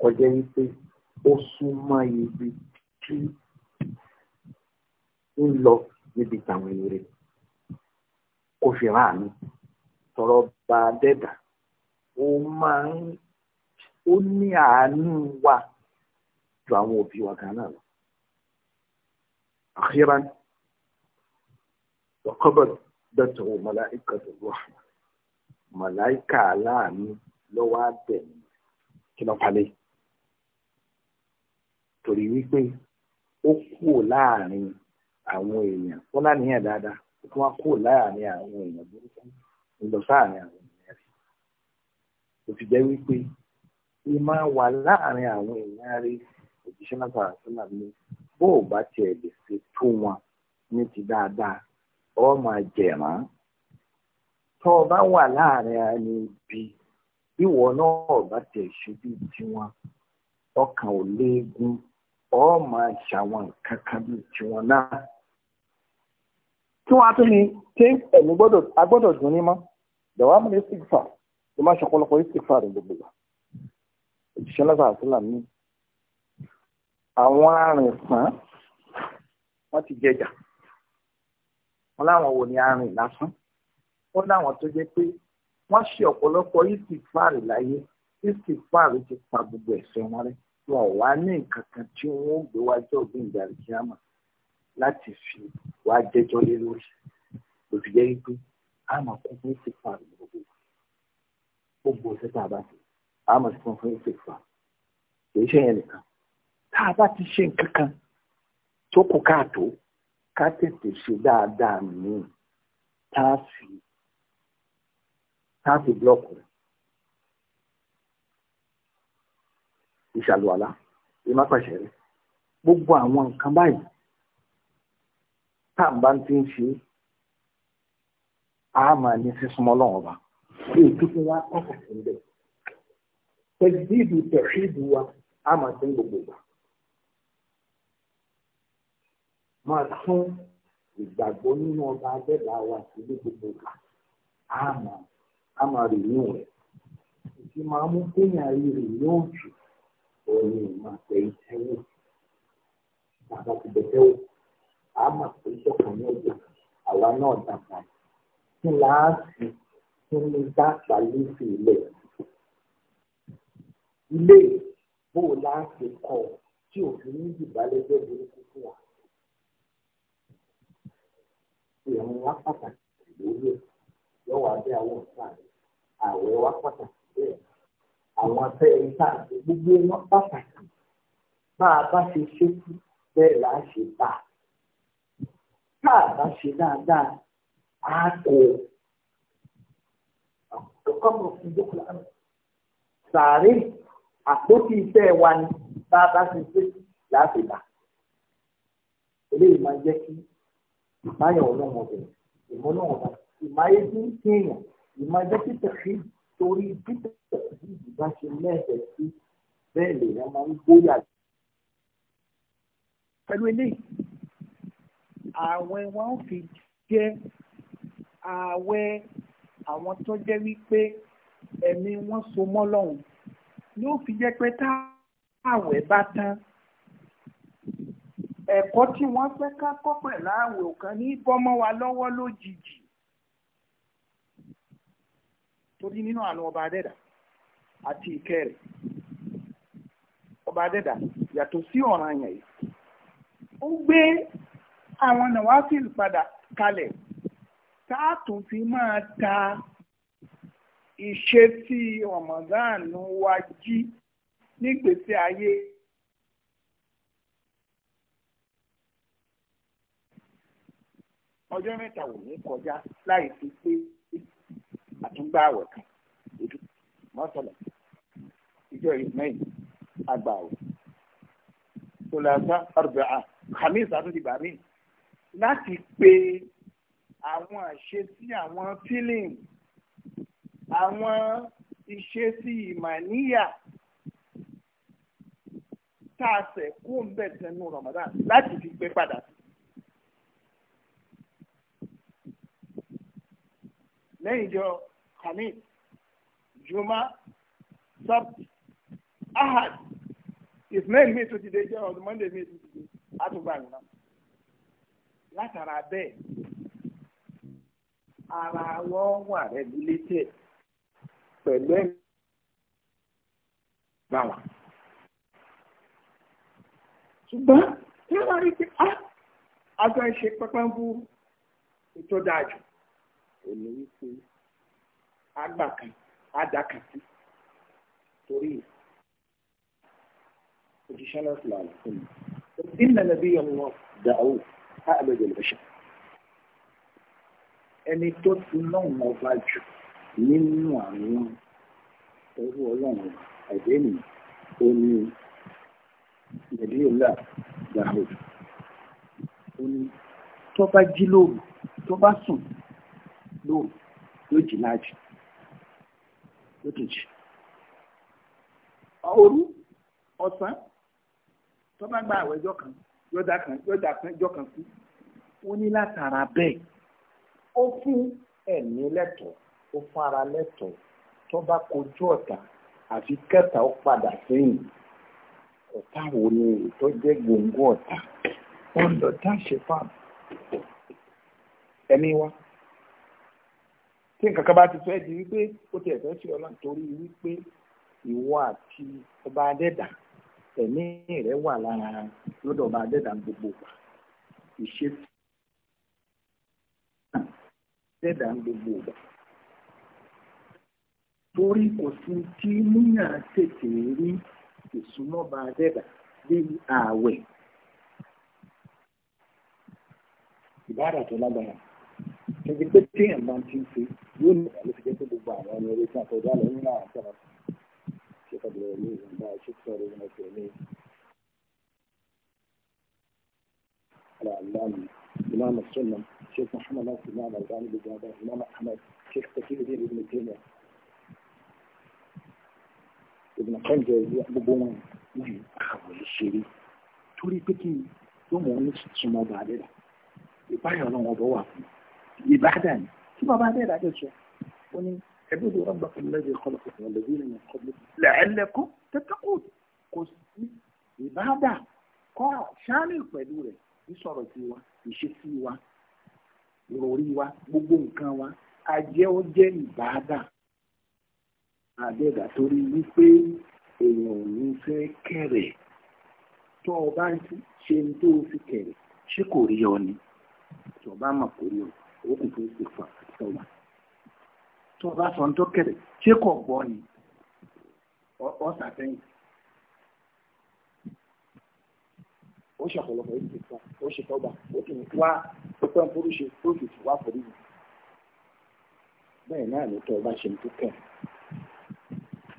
kọjá wípé ó sún mọ́ ibi tí ń lọ níbi tàwọn eré kò fi hàn mí tọrọ ọba àdẹ́dà ó máa ń ó ní àánú wa ju àwọn òbí wa kan náà lọ. أخيرا وقبل dọ́tọ̀ mọ̀láìkà tó wà mọ̀láìkà aláàánú lọ́wọ́ àbẹ̀ kí ló falẹ̀ torí wípé ó kúrò láàrin àwọn èèyàn wọn láníyàn dáadáa ó tún wá kúrò láàrin àwọn èèyàn burúkú lọ sáàrin àwọn èèyàn rẹ̀ kò fi jẹ́ wípé ó máa wà láàrin àwọn èèyàn rẹ̀ òjíṣẹ́ náà sọ̀rọ̀ sọ́nà ní bó o bá tiẹ̀ lè ṣe tó wọn ní ti dáadáa ọ máa jẹ̀mọ́ tó o bá wà láàrin ẹni ibi ìwọ náà bá tẹ̀ ṣubú tiwọn ọkàn ò léegun ọ máa ṣàwọn nǹkan kan bíi tiwọn náà tí wọn á tún ní ṣé ẹ̀mí gbọ́dọ̀ agbọ́dọ̀ dùn ní mọ́ dọ̀wọ́ amúlẹ̀ sígfà ló máa ṣọ̀pọ̀lọpọ̀ sígfà rẹ̀ gbogbo wa òṣìṣẹ́ lọ́sàá àtúnlá mi àwọn arìnsàn wọ́n ti jẹjà wọn láwọn wò ní arìn lásán wọn láwọn tó jẹ́ pé wọ́n ṣe ọ̀pọ̀lọpọ̀ istikfari láyé istikfari ti pa gbogbo ẹ̀ṣẹ̀ wọn rẹ́ wọn ò wá ní nǹkan kan tí wọn ò gbé wájú ọ̀gbìn ìdarí kíámà láti fi wá jẹ́jọ́ lé lórí òfin jẹ́ wípé a máa kún fún istikfari gbogbo gbogbo ọ̀sẹ̀ tá a bá ti a máa kún fún istikfari kì í ṣe yẹn nìkan tá a bá ti ṣe nǹkan kan tó kù káàtó ká tètè ṣe dáadáa míì tá a tá a fi blọọkù ìṣàlùwàlá ìmápàṣẹ rẹ gbogbo àwọn nǹkan báyìí tá à ń bá ti ń ṣe a máa ní sísúnmọ́ lọ́wọ́ bá èyí tó fi wá ọkọ̀ sí ń bẹ̀ tẹ̀síìdù tẹ̀síìdù wa a máa ti ń gbogbo ìgbà. máa tún ìgbàgbọ́ nínú ọba adẹ́dà wa sí ní gbogbo ìgbà àmà àmà rè ní rẹ̀ ìdí máa mú kéèyàn rí rè ní òjò òní máa tẹ̀ iṣẹ́ wò bàbá ti bẹ̀tẹ̀ wò àmà pé ìṣọ̀kan ní ọjọ́ àwa náà dàgbà kí láàásì kí ní dàgbà lóṣù ilẹ̀ ilé bó o láàásì kọ tí òfin ní ìbálẹ́jọ́ burúkú fún wa ìrìn wá pàtàkì lórí ẹ̀ lọ́wọ́ abẹ́ àwọn ọ̀sán rẹ̀ ààwẹ̀ wá pàtàkì bẹ́ẹ̀ àwọn abẹ́rẹ́ tá a ṣe gbogbo iná pàtàkì bá a bá ṣe ṣékú bẹ́ẹ̀ là á ṣe bá a tá a bá ṣe dáadáa á kó ọ̀kọ́ mọ̀ rẹ̀ sàárè àpótí iṣẹ́ wa ni bá a bá ṣe ṣékú là á ṣe bá a eléyìí máa jẹ́ kí ìmáyà ọlọ́run ọbẹ̀ ìmọ̀ ọlọ́run ọba ìmáyé tí ń kéèyàn ìmájẹ́ títẹ̀ sí torí títẹ̀ sí ìbá ṣe lẹ́ẹ̀fẹ̀ sí bẹ́ẹ̀ lèèyàn máa ń gbóyà. pẹ̀lú eléyìí ààwẹ̀ wọn fi jẹ́ ààwẹ̀ àwọn tó jẹ́ wípé ẹ̀mí wọn so mọ́ lọ́hùn yóò fi jẹ́ pé táàwẹ̀ bá tán ẹ̀kọ́ tí wọ́n fẹ́ ká kọ́ pẹ̀lú àwẹ̀ òkan ní bọ́mọ́ wa lọ́wọ́ lójijì torí nínú àánú ọba adẹ́dà àti ìkẹ́ rẹ̀ ọba adẹ́dà yàtọ̀ sí ọ̀ràn yẹn yìí ó gbé àwọn nàwáfíìl padà kalẹ̀ táàtún fi máa ta ìṣesí ọmọdánù wa jí nígbèsè ayé ọjọ́ mẹ́ta ò ní kọjá láì fi pé àtúngbà àwẹ̀ kan ètò mọ́sálà ìjọ ìsmail àgbà àwẹ̀ tòlàṣà arba'a khamis àtúntì bàmí láti pe àwọn àṣesí àwọn fílìm àwọn ìṣesí ìmàníyà tá a sẹ̀ kó ń bẹ̀ sẹ́nu Ramadan láti fi pé padà sí. lẹ́yìn ìjọ hamid juma sabt ahad ismail mi tún ti dé jẹ́ ọdún monday mi tún ti dé àtúgbà nìyẹn látara bẹ́ẹ̀ ara wọn wà rẹ́gúlétẹ̀ pẹ̀lú ẹ̀ bá wọn. ṣùgbọ́n tí wọ́n rí pé ah, a gbọ́n ṣe pẹ́pẹ́ ń bú ètò dáa jù òní wípé àgbà kan àjà torí òjíṣẹ́ náà fìlà àlùfẹ́ mi. إن نبي الله دعوه أعبد البشر ẹni tó ti lọ́wọ́ ọba jù nínú àwọn ẹrú ọlọ́run ẹ̀dẹ́ ènìyàn ó ní nàìjíríà dàrú ó ní tó bá jí lóru tó bá sùn lóòrùn yóò jì láàjì yóò tún ọ̀sán tó gba àwọn ẹjọ́ kan kan kan látara bẹ́ẹ̀ ó fún ẹ̀mí lẹ́tọ̀ọ́ ó fún ara lẹ́tọ̀ọ́ tó bá kojú ọ̀tá kẹta ó padà sẹ́yìn ọ̀tá wo ni ètò jẹ́ ọ̀tá tí nǹkan kan bá ti fẹ́ di wípé ó ti ẹ̀fẹ́ sí ọlá nítorí wípé ìwọ àti ọba adẹ́dà ẹ̀mí rẹ̀ wà lára lọ́dọ̀ ọba adẹ́dà gbogbo wa ìṣètò adẹ́dà gbogbo wa torí kò sí tí múyàn tètè rí ìsúnmọ́ adẹ́dà bíi ààwẹ̀ ìbára tó lágbára. níbi pé tí èèyàn bá ń ti ń ṣe yóò ní ìgbà ló fi jẹ́ pé gbogbo àwọn ọmọ eré tí wọ́n kọjá lọ nínú àwọn akẹ́kọ̀ọ́ ṣe kọjá lọ ní ìgbà ṣe kọjá lọ ní ọ̀sẹ̀ ní العلامة إمام السنة شيخ محمد ناصر إمام الغاني بن إمام أحمد شيخ تكيل الدين ابن تيمية ابن قيم جوزي أبوبون من أخوة الشيري توري بكي يوم ونص سمو بعدها يبايع لهم أبوه ìbàdàn kí bàbá adéèdà dé sọ ó ní ẹgbẹ́dọ̀ rabbakum alladhi khalaqakum walladhina min qablikum la'allakum tattaqun kò sí ìbàdà kọ́ ṣáálì pẹ̀lú rẹ̀ ìsọ̀rọ̀ tiwa ìṣesí wa ìròrí wa gbogbo nǹkan wa ajẹ́ ó jẹ́ ìbàdà àdẹ́gà torí wípé èèyàn ò ní fẹ́ kẹ̀rẹ̀ tó o bá ṣe ń tó o fi kẹ̀rẹ̀ ṣé kò rí ọ ni tó o bá mọ̀ kó rí ọ ó kù tó ṣe fà àti tọ́wà tó bá sọ ń tó kẹ̀lẹ̀ ṣé kò gbọ́ ni ọ sàtẹ́yìn ó ṣàpọ̀lọpọ̀ ó ti tán ó ṣe tọ́gbà ó ti wá ó pẹ́ ń burú ṣe ó sì ti wá forí mi bẹ́ẹ̀ náà ló tọ́ ọ bá ṣe ń tó kẹ̀lẹ̀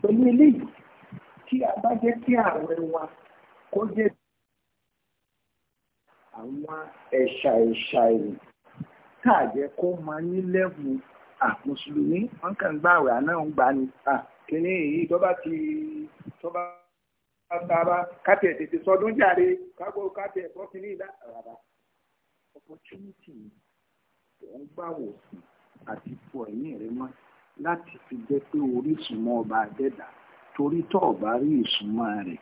pẹ̀lú eléyìí tí a bá jẹ́ kí ààrẹ wa kó jẹ́ àwọn ẹ̀ṣà ẹ̀ṣà ẹ̀yìn káàjẹ́ kó máa ní lẹ́bùn àmùsùlùmí wọn kàn gbà àwẹ̀ àná ń gbà ní kíní èyí tó bá ti tó bá bá tètè sọdún jàre kágbó kátẹ̀ ẹ̀kọ́ kíní ìdá rárá opportunity ń gbà wò sí àti fọ ẹ̀yìn rẹ mọ́ láti fi jẹ́ pé orísun mọ́ ọba àdẹ́dà torí tó ọba rí ìsúnmọ́ rẹ̀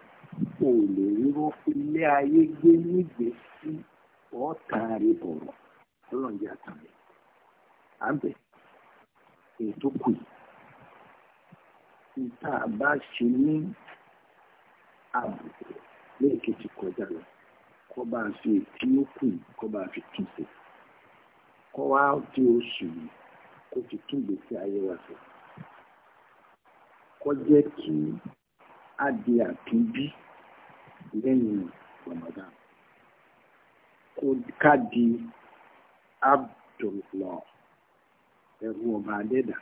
o lè rí wọ́n ilé ayé gbé nígbèsí ọ̀tá rẹ̀ bọ̀rọ̀ lọ́nà jẹ́ àtàlẹ́ àbẹ̀ èyí tó kù yìí tá a bá ṣe ní àbùkù lẹ́ẹ̀kejì kọjá lọ kọ́ bá a fi tí ó kù yìí kọ́ bá a fi tún ṣe kọ́ wá tí oṣù yìí kó fi tún gbèsè ayé wa ṣe kọ́ jẹ́ kí á di àtúnbí lẹ́yìn Ramadan kó ká di abdullah ẹrú ọba adẹ́dà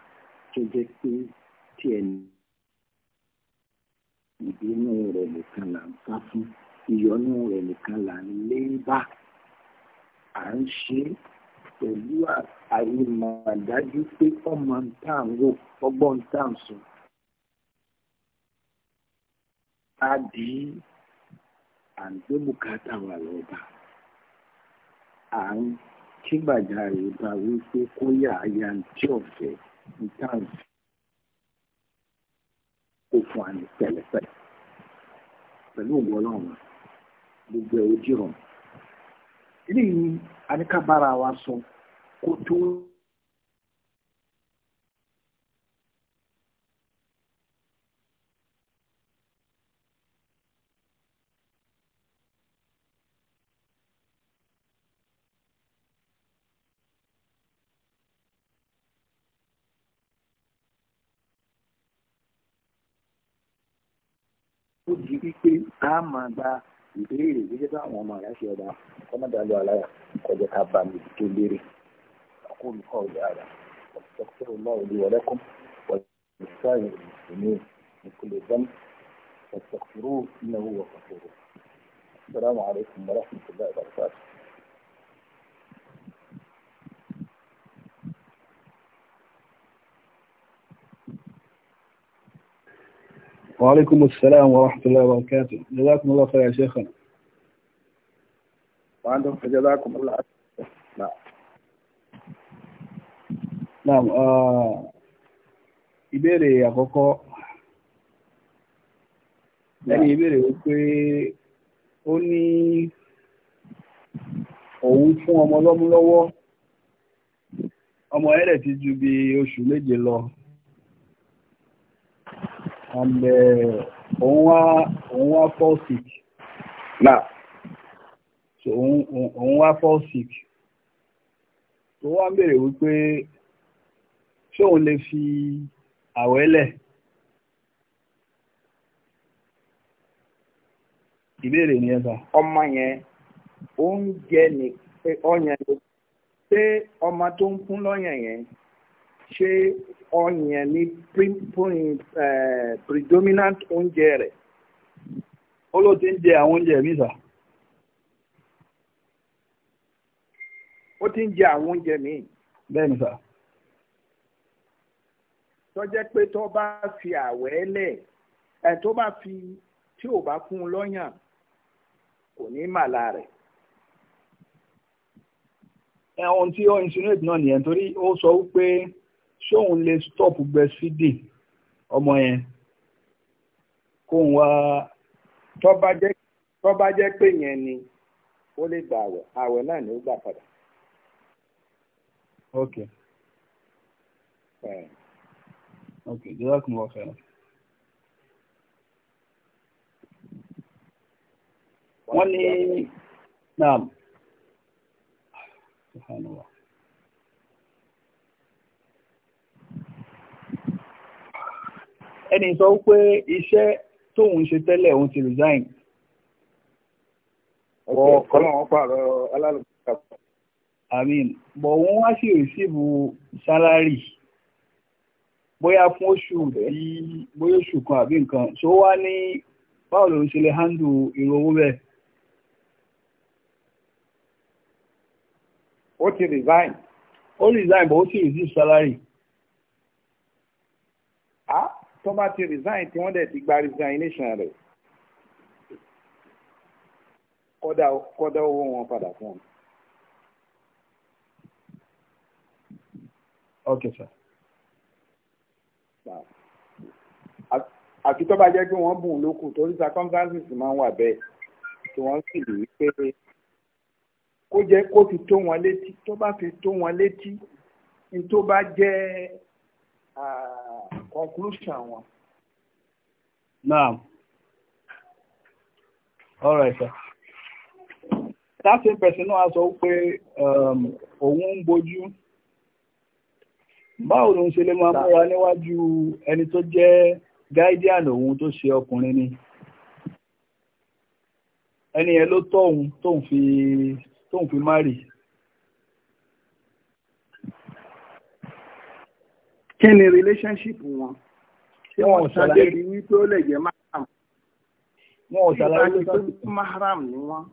tó jẹ́ pé tí ẹni ìbínú rẹ̀ nìkan là ń sá fún ìyọnú rẹ̀ nìkan là ń lé bá à ń ṣe pẹ̀lú àìmọ̀ àdájú pé ọmọ ń tà ń wò ọgbọ́n ń tà ń sùn. a dì à ń gbé bùkátà wà lọ́ba à ń kígbàjarè bá wí pé kó yà á ya tí ọ̀fẹ́ ní táǹsì kó fún wa ní pẹ̀lẹ́pẹ̀lẹ́ pẹ̀lú ògbọ́n náà gbogbo ẹ̀ ojú rọ̀ eléyìí aníkàbára wa sọ kó tó. di أقول قولي هذا واستغفر الله لي ولكم ولسائر المسلمين من كل ذنب فاستغفروه إنه هو غفور السلام عليكم ورحمة الله وبركاته وعليكم السلام ورحمة الله وبركاته جزاكم الله خير يا شيخنا وعندكم جزاكم الله نعم نعم ìbéèrè àkọ́kọ́ ẹni ìbéèrè wípé ó ní òun fún ọmọ lọ́mú lọ́wọ́ ọmọ ẹ̀rẹ̀ ti ju bí oṣù méje lọ and uh, òun wá òun wá fall sick. náà. so òun òun wá fall sick. tó wá ń wípé ṣé òun lè fi àwẹ̀ ìbéèrè ni ẹ sà. ọmọ yẹn oúnjẹ ni ọyàn ṣé ọmọ tó ń kún lọ́yàn yẹn ṣé ẹ̀fọ́ ni ní eh, predominant oúnjẹ rẹ̀ ó ló ti ń jẹ àwọn oúnjẹ mi sà ó ti ń jẹ àwọn oúnjẹ mi bẹ́ẹ̀ ni sà tọ́jẹ́ pé tó bá fi àwẹ̀ lẹ̀ ẹ̀ tó bá fi tí ò bá fún un lọ́yàn kò ní màlá rẹ̀ ohun tí ó insinuate náà nìyẹn torí ó sọ wípé ṣóun lè stop breastfeeding ọmọ yẹn kóun wá tó bá jẹ́ pé yẹn ni ó lè gba àwẹ̀ àwẹ̀ náà ni ó gbà padà. ok ok jazakumullahu khairan. wọ́n ní naam subhanallah. ẹni sọ pé iṣẹ́ tóun ṣe tẹ́lẹ̀ òun ti resign. ọkọ̀ọ̀kan wọn pààrọ̀ alálùbáríkà. àmín bọ̀ wọ́n wá sí rìsíìbù sálárì bóyá fún oṣù tí bóyá oṣù kan àbí nǹkan tó wá ní báwo ló ń ṣe lè handle irú owó bẹ́ẹ̀. ó ti resign. ó resign bọ̀ ó sì receive salary. tó bá ti resign tí wọ́n dẹ̀ ti gba resignation rẹ̀ kọ́dá owó wọn padà fún wọn. ok sir. àti tó bá jẹ́ pé wọ́n bùn lókù torí circumstances máa ń wà bẹ́ẹ̀ tí wọ́n sì lè rí pé kó jẹ́ kó ti tó wọn létí tó bá ti tó wọn létí ní tó bá jẹ́. Uh, conclusion wọn. Naam. All right, sir. That same person náà sọ pé um, òun ń bojú. Báwo ló ń ṣe lè máa múra níwájú ẹni tó jẹ́ guardian òun tó ṣe ọkùnrin ni? Ẹni yẹn ló tọ́ òun tóun fi márì. kí ni relationship wọn ṣé wọn ṣàlàyé rí wípé lè jẹ mahram wọn ò ṣàlàyé ló sọ pé mahram ni wọn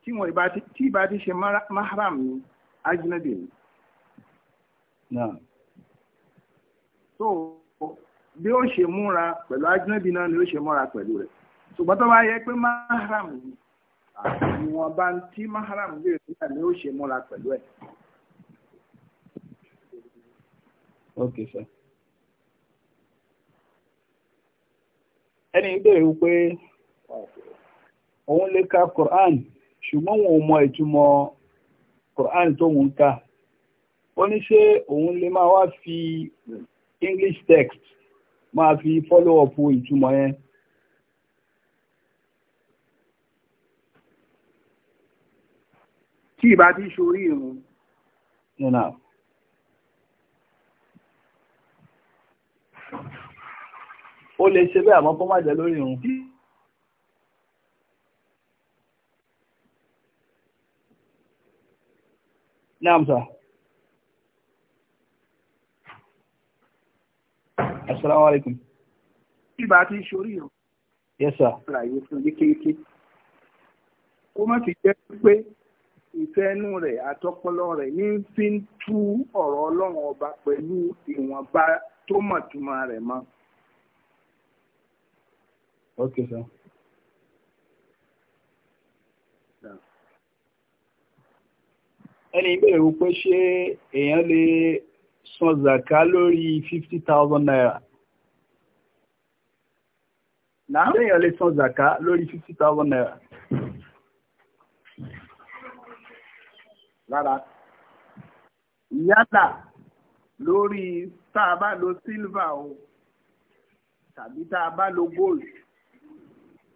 tí wọn ìbá tí ìbá ti ṣe mahram ni ajnabi ni. so bí ó ṣe múra pẹ̀lú ajnabi náà ni ó ṣe múra pẹ̀lú rẹ̀ ṣùgbọ́n tó bá yẹ pé mahram ni ìwọ̀nba tí mahram lè rí náà ni ó ṣe múra pẹ̀lú ẹ̀. ókè sọ. ẹni ìbéèrè wípé òun lè ka Quran ṣùgbọ́n wọn mọ ìtumọ̀ Quran tó ń ka ó ní ṣé òun lè fi English text máa fi follow up ìtumọ̀ yẹn. tí ìbá ti ṣorí ìrùn. ó lè ṣe bẹ́ẹ̀ àmọ́ kó má jẹ́ lórí irun kí. Naam sir. Assalamu alaikum. Ìbá ti ń ṣorí o. Yes sir. Àlàyé fún ní kéèké. Ó má ti jẹ́ pé ìfẹ́ inú rẹ̀ àtọpọlọ rẹ̀ ní fi ń tú ọ̀rọ̀ Ọlọ́run ọba pẹ̀lú ìwọ̀nba tó mọ̀túmọ̀ rẹ̀ mọ́. Okay, sir. Ẹni ìbéèrè wípé ṣé èèyàn lè san zàká lórí fifty thousand naira? Náà èèyàn lè san zàká lórí fifty thousand naira. Rárá. Yálà lórí tá a bá lo silver o tàbí tá a bá lo gold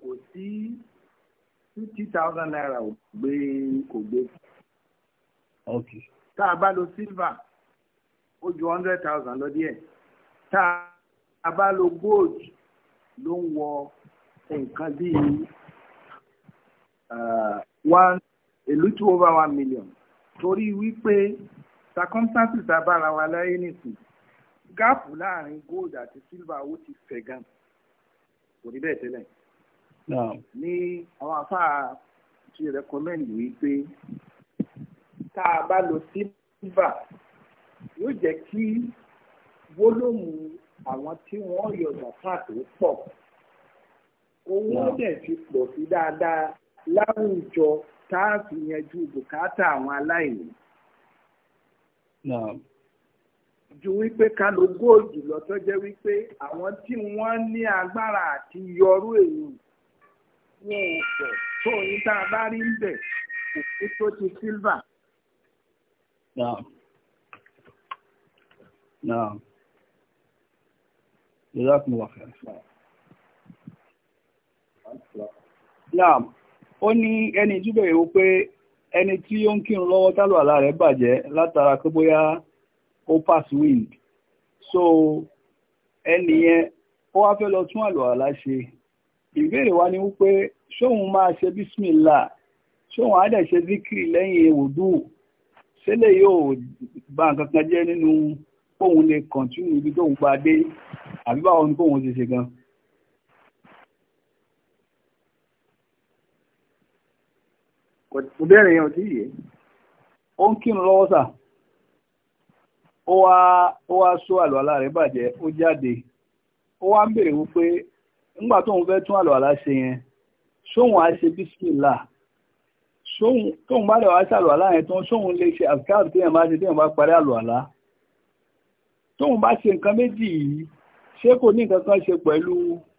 kò sí fifty thousand naira ò gbé kò gbé. tá a bá lo silver ó ju hundred thousand lọ díẹ̀ tá a bá lo gold ló ń wọ nǹkan bíi one a little over one million torí wípé circumstances abára wa láyé nìsín gáàpù láàrin gold àti silver ó ti fẹ̀ gan kò rí bẹ́ẹ̀ tẹ́lẹ̀ ní àwọn afáà ti rẹkọmẹ́ndì wípé tá a bá lo sílvà yóò jẹ́ kí wólómù àwọn tí wọ́n yọ zakat pọ̀ owó dẹ̀ ti pọ̀ sí dáadáa láwùjọ tá a fi yanjú bùkátà àwọn aláìní. ju wípé ká lo góòlù lọ tó jẹ́ wípé àwọn tí wọ́n ní agbára àti yọrú èyí ní ìpẹ̀ tó yín tá a bá rí ń bẹ̀ òkú tó ti sílvà. Naam, ó ní ẹni túbẹ̀ ìwò pé ẹni tí ó ń kírun lọ́wọ́ tálù àlá rẹ̀ bàjẹ́ látara pé bóyá ó pass wind. So, ẹni yẹn, ó wá fẹ́ lọ tún àlọ́ àlá ṣe ìbéèrè wa ni wípé ṣóun máa ṣe bísímìlà ṣóun á dẹ̀ ṣe zikiri lẹ́yìn ewùdú sílẹ̀ yóò ba nǹkan kan jẹ́ nínú kóun lè kọ̀ntínú ibi tóun gba dé àbí báwo ni kóun ti ṣe gan. ìbéèrè yẹn ò tí yé. ó ń kírun lọ́wọ́ sà ó wá ó wá sọ àlọ́ àlá rẹ̀ bàjẹ́ ó jáde ó wá ń béèrè wípé nígbà tó ń fẹ́ tún àlùwàlá ṣe yẹn ṣóhun á ṣe bísímìlà ṣóhun tóun bá lè wá ṣàlùwàlá yẹn tán ṣóhun lè ṣe àfikáàbù téèyàn bá ṣe téèyàn bá parí àlùwàlá tóun bá ṣe nǹkan méjì yìí ṣé kò ní nǹkan kan ṣe pẹ̀lú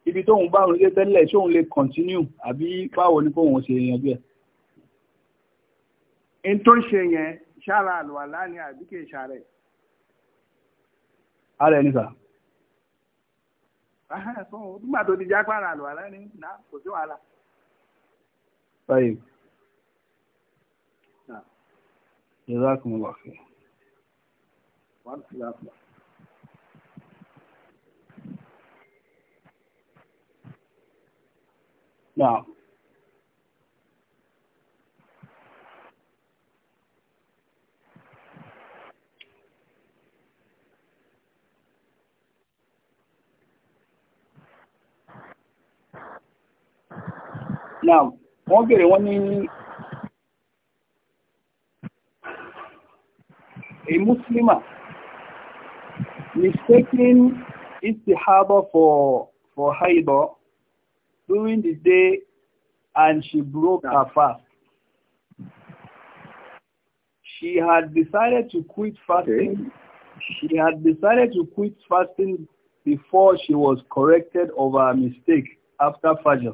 ibi tóun bá òun tẹ́lẹ̀ ṣóun lè continue àbí báwo ni kóun ṣe yẹn bẹ́ẹ̀. n tó ṣe yẹn ṣára àlùwàlá ni àbí kì í nígbà tó ti já pààrà lò àlẹ́ ní nà kò sí wàhálà. báyìí jazakumullah khair. wàá ti ra fún Now. Now, wọ́n bèèrè wọ́n ní a muslima mistaking istihaba for for haibor during the day and she broke her fast. She had decided to quit fasting. Okay. She had decided to quit fasting before she was corrected of her mistake after Fajr.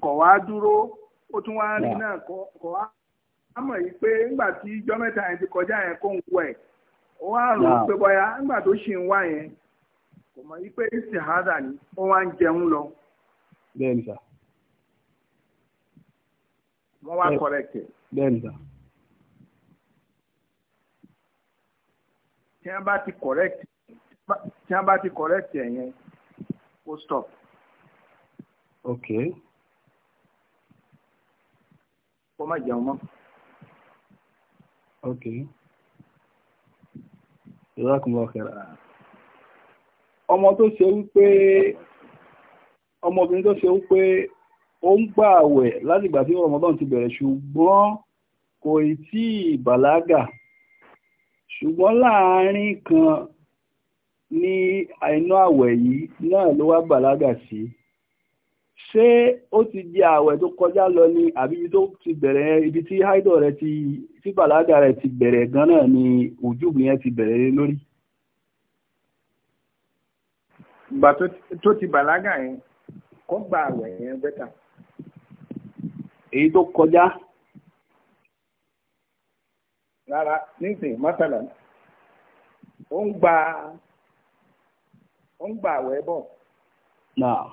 kọwaa dúró ó tún rí náà kọ̀ wá mọ̀ yìí pé nígbà tí kọjá yẹn kó ń wẹ̀ ó wá rò ó pé bọ́yá nígbà tó ṣì ń wá yẹn kò mọ̀ yìí pé ìsìnhádà ni lọ. bẹ́ẹ̀ni sà. wọ́n wá kọ̀rẹ́kẹ̀. bẹ́ẹ̀ni sà. tí wọ́n bá ti kó má jẹun mọ́. ok ìwákùnrin ọ̀kẹ́ra ọmọ tó ṣe wípé ọmọbìnrin tó ṣe wípé ó ń gbà àwẹ̀ láti ìgbà tí ọmọbọ́n ti bẹ̀rẹ̀ ṣùgbọ́n kò ì tí ì bàlágà ṣùgbọ́n láàárín kan ní àìná àwẹ̀ yìí náà ló wá bàlágà sí. Si ṣé ó ti di ààwẹ̀ tó kọjá lọ ni àbí ibi tó ti bẹ̀rẹ̀ ibi tí haido rẹ ti tí re rẹ ti bẹ̀rẹ̀ gan-an ni e yẹn ti bẹ̀rẹ̀ lórí. ìgbà tó ti balaga yẹn kọ́ gba ààwẹ̀ yẹn bẹ́tà. èyí tó kọjá. rárá nísìnyí mọ́sálà ó ń gba ó ń gba bọ̀. náà. No.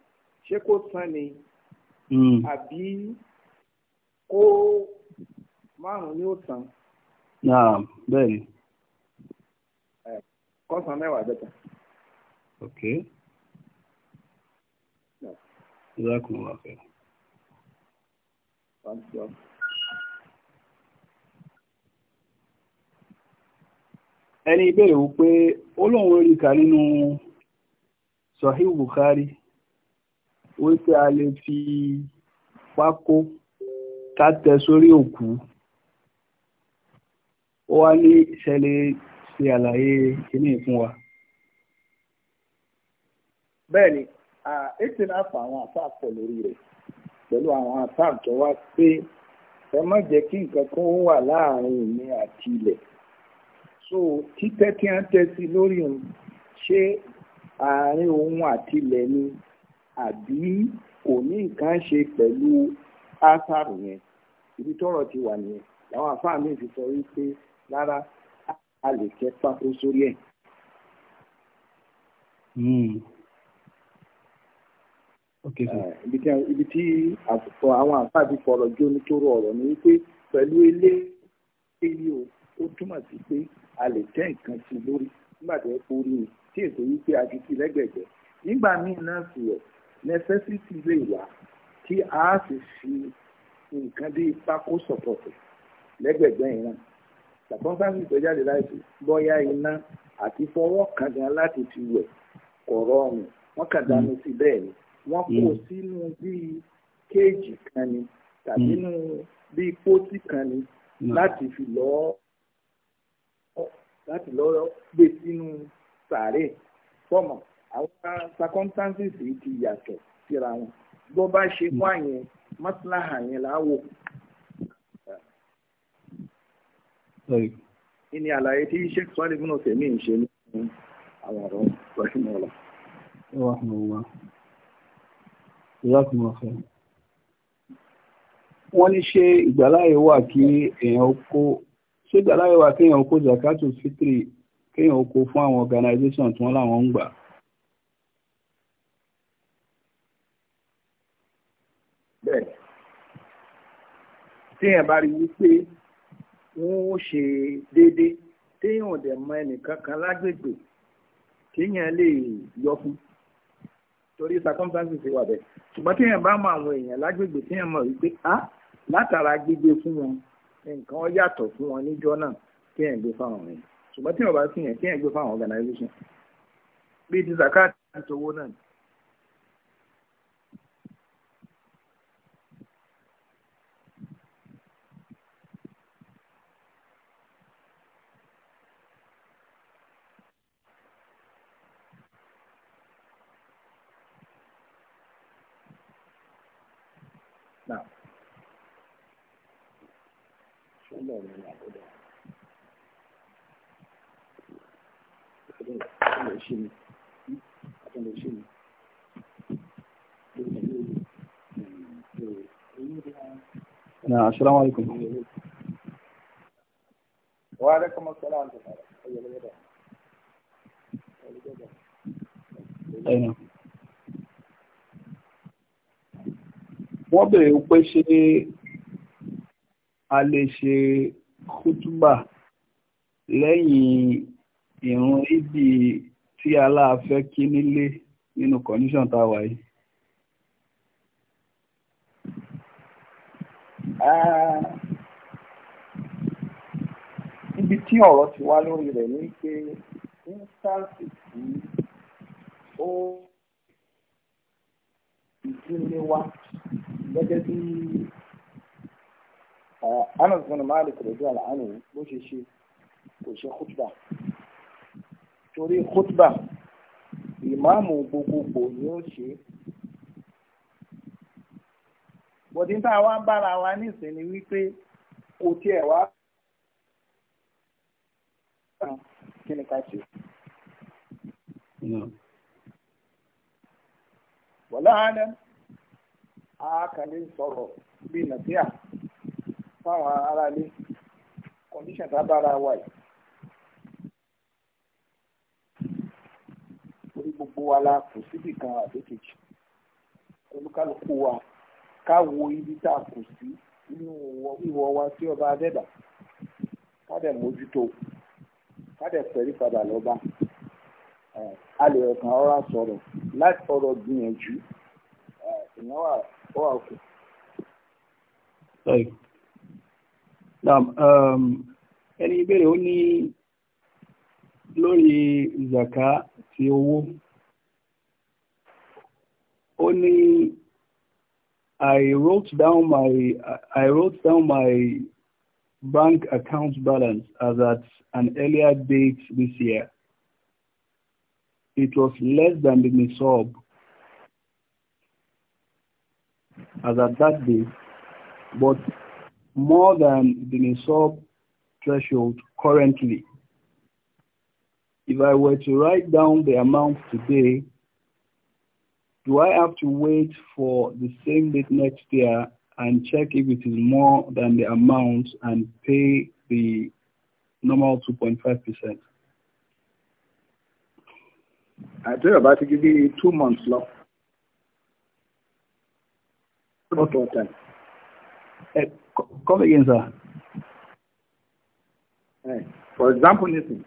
ṣé kó san ni hmm. àbí kó márùn-ún ni ó san. bẹ́ẹ̀ ni. kọ́sàn mẹ́wàá ok. ìdákùn wà fẹ́. ẹni ìbéèrè wípé ó lóun rí kà nínú Sahih Bukhari wípé a lè fi pákó ká tẹ sórí òkú ó wá ní ìṣẹ̀lẹ̀ ṣe àlàyé kíní fún wa. bẹ́ẹ̀ni ètò náà fa àwọn àṣà pọ̀ lórí rẹ̀ pẹ̀lú àwọn àṣà tó wá pé ẹ má jẹ́ kí nǹkan kan wà láàrin mi àti ilẹ̀ so títẹ́ tí wọ́n tẹ́ sí lórí òun ṣé àárín òun àti ilẹ̀ ni àbí kò ní nǹkan ṣe pẹ̀lú ásáàrù yẹn ibi tọ́rọ̀ ti wà nìyẹn làwọn àfáà mi fi sọ wípé rárá a lè kẹ́ pákó sórí ẹ̀. Hmm. Eh, ibi tí àwọn àfáà ti fọ̀rọ̀ jóni tó rọ ni wípé pẹ̀lú ilé ilé o ó túmọ̀ sí pé a lè tẹ́ nǹkan sí lórí nígbà tó yẹ rí ni tí èso yìí pé a ti ti lẹ́gbẹ̀gbẹ̀ nígbà míì náà sì rẹ̀ necessity lè wà tí a sì fi nǹkan bí pákó sọ̀pọ̀tì lẹ́gbẹ̀gbẹ́ ìran ṣàkóńsáǹsì ìtọ́jáde láìsí bọ́yá iná àti fọwọ́ kan gan láti fi wẹ̀ kọ̀rọ̀ ọ̀run wọ́n kàn dánú sí bẹ́ẹ̀ ni wọ́n kó hmm. sínú bíi kéèjì kan ni tàbí nínú hmm. bíi pósí kan ni hmm. láti fi lọ́ọ́ láti lọ́ọ́ gbé sínú sàárè fọ́mọ̀ àwọn circumstances yìí ti yàtọ̀ síra wọn bó bá ṣe mú àyẹn mọ́tíláhà yẹn láwò. ìní àlàyé tí sheikh sọ́ọ́lì fún ọ̀sẹ̀ mi ń ṣe ní àwọn ọ̀rọ̀ lọ́sùnmọ́ ọ̀la. ẹ wà fún wa ìyá kò mọ̀ fẹ́. wọ́n ní ṣe ìgbàláyè wà kí èèyàn kó ṣé ìgbàláyè wà kí èèyàn kó zakato fitri kéèyàn kó fún àwọn organisation tí wọ́n láwọn ń gbà. téèyàn bá rí wípé wọn ó ṣe déédéé téèyàn ò dẹ̀ mọ ẹnìkan kan lágbègbè kéèyàn lè yọ fún torí circumstances wà bẹ́ẹ̀ ṣùgbọ́n téèyàn bá mọ àwọn èèyàn lágbègbè téèyàn mọ̀ wípé á látara gbígbé fún wọn nǹkan yàtọ̀ fún wọn níjọ́ náà kéèyàn gbé fáwọn rẹ̀ ṣùgbọ́n téèyàn bá fi hàn kéèyàn gbé fáwọn organization bíi ti zakat àti owó náà na assalamu alaikum wa alaikum assalam wọ́n bèèrè pé ṣé a lè ṣe kútúbà lẹ́yìn ìrun ìdí tí aláàfẹ́ kí nílé nínú condition tá a wà yìí Ah, ibi tí ọ̀rọ̀ ti wá lórí rẹ̀ ni pé instance tí ó ìdílé wa gẹ́gẹ́ bí eh, Anas bin Malik radiyallahu anhu bó ṣe ṣe kò ṣe khutba torí khutba ìmáàmù gbogbogbò ni ó ṣe bọ̀dí tá a wá ń bára wa nísìn ni wípé kò tiẹ̀ wá kí ni ká ṣe. wọ́lá àná àákàlẹ̀ sọ̀rọ̀ bíi nàìjíríà fáwọn aráalé kọ̀ǹdíṣàn tá a bára wa yìí. orí gbogbo wa la kò síbì kan àbí kejì olúkálùkù wa ká wo ibi tá a kù sí nínú ìwọ wa sí ọba adẹ́dà ká dẹ̀ mójútó ká dẹ̀ pẹ̀lú padà lọ́ba a lè ọ̀kan ọ̀rá sọ̀rọ̀ láti ọ̀rọ̀ gbìyànjú ìnáwó àwọn òkè. ẹni ìbéèrè ó ní lórí zaka ti owó ó ní. I wrote down my I wrote down my bank account balance as at an earlier date this year. It was less than the nisab as at that date, but more than the nisab threshold currently. If I were to write down the amount today, do I have to wait for the same date next year and check if it is more than the amount and pay the normal 2.5%? I think about to give you two months long. Okay. Uh, come again, sir. Hey. Eh, for example, listen,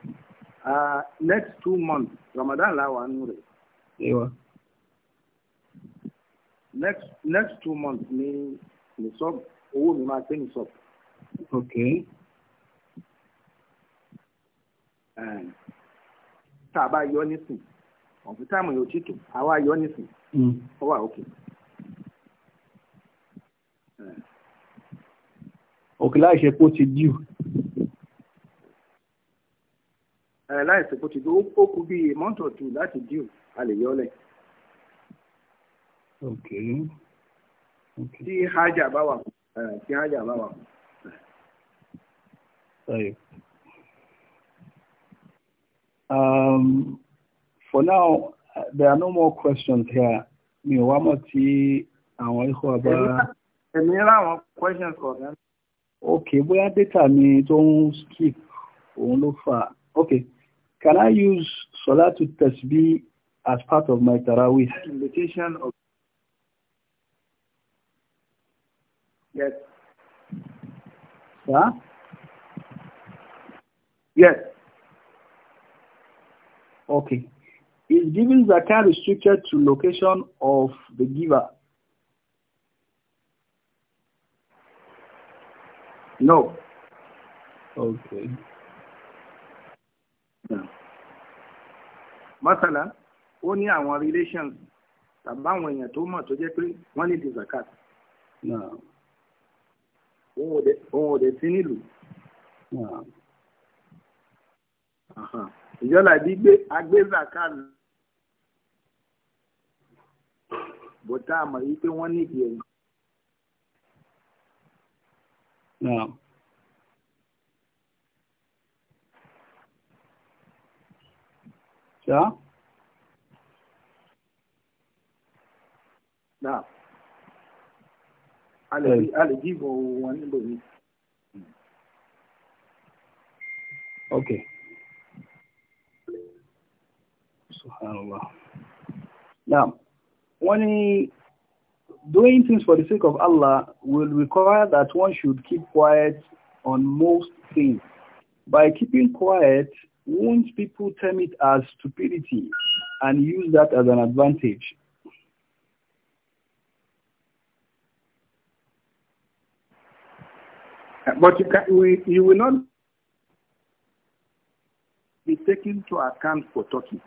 uh, next two months, Ramadan, la one nure. Yeah. next next two months ni nìsọ́ọ̀bù owó mi máa pé nìsọ́ọ̀bù. ok. tá a bá yọ nísìn ọ̀fun táàmù yóò ti tò àwa yọ nísìn mm. ó wà ok. òkè láìṣe pé ó ti díù. láìṣe pé ó ti díù ó kú bíi mọ́tò tù láti díù a lè yọ ọ́ lẹ́yìn tí hájà bá wà tí hájà bá wà. Um, for now, there are no more questions here. Mi ò wá mọ̀ tí àwọn ikọ̀ bá. Èmi ráwọn questions kọ̀ọ̀kan. Okay, bóyá data mi tó ń skip òun ló fà. Okay, can I use Salatu Tasbih as part of my Tarawih? Invitation of Yeah. Yes. Okay. Is giving zakat restricted to location of the giver? No. Okay. Masala, ó ní àwọn relations tàbí àwọn èèyàn tó mọ̀ tó jẹ́ pé wọ́n ní di zakat. No òun ò dẹ̀ sí nílùú. ìjọba ah. ìbí gbé agbézàká lọ. bó tá a mọ̀ yìí pé wọ́n nídìí ẹ̀yìn. Yeah. Now. ok subhanallah now when doing things for the sake of Allah will require that one should keep quiet on most things. By keeping quiet, won't people term it as stupidity and use that as an advantage? But you, can, we, you will not be taken to account for talking.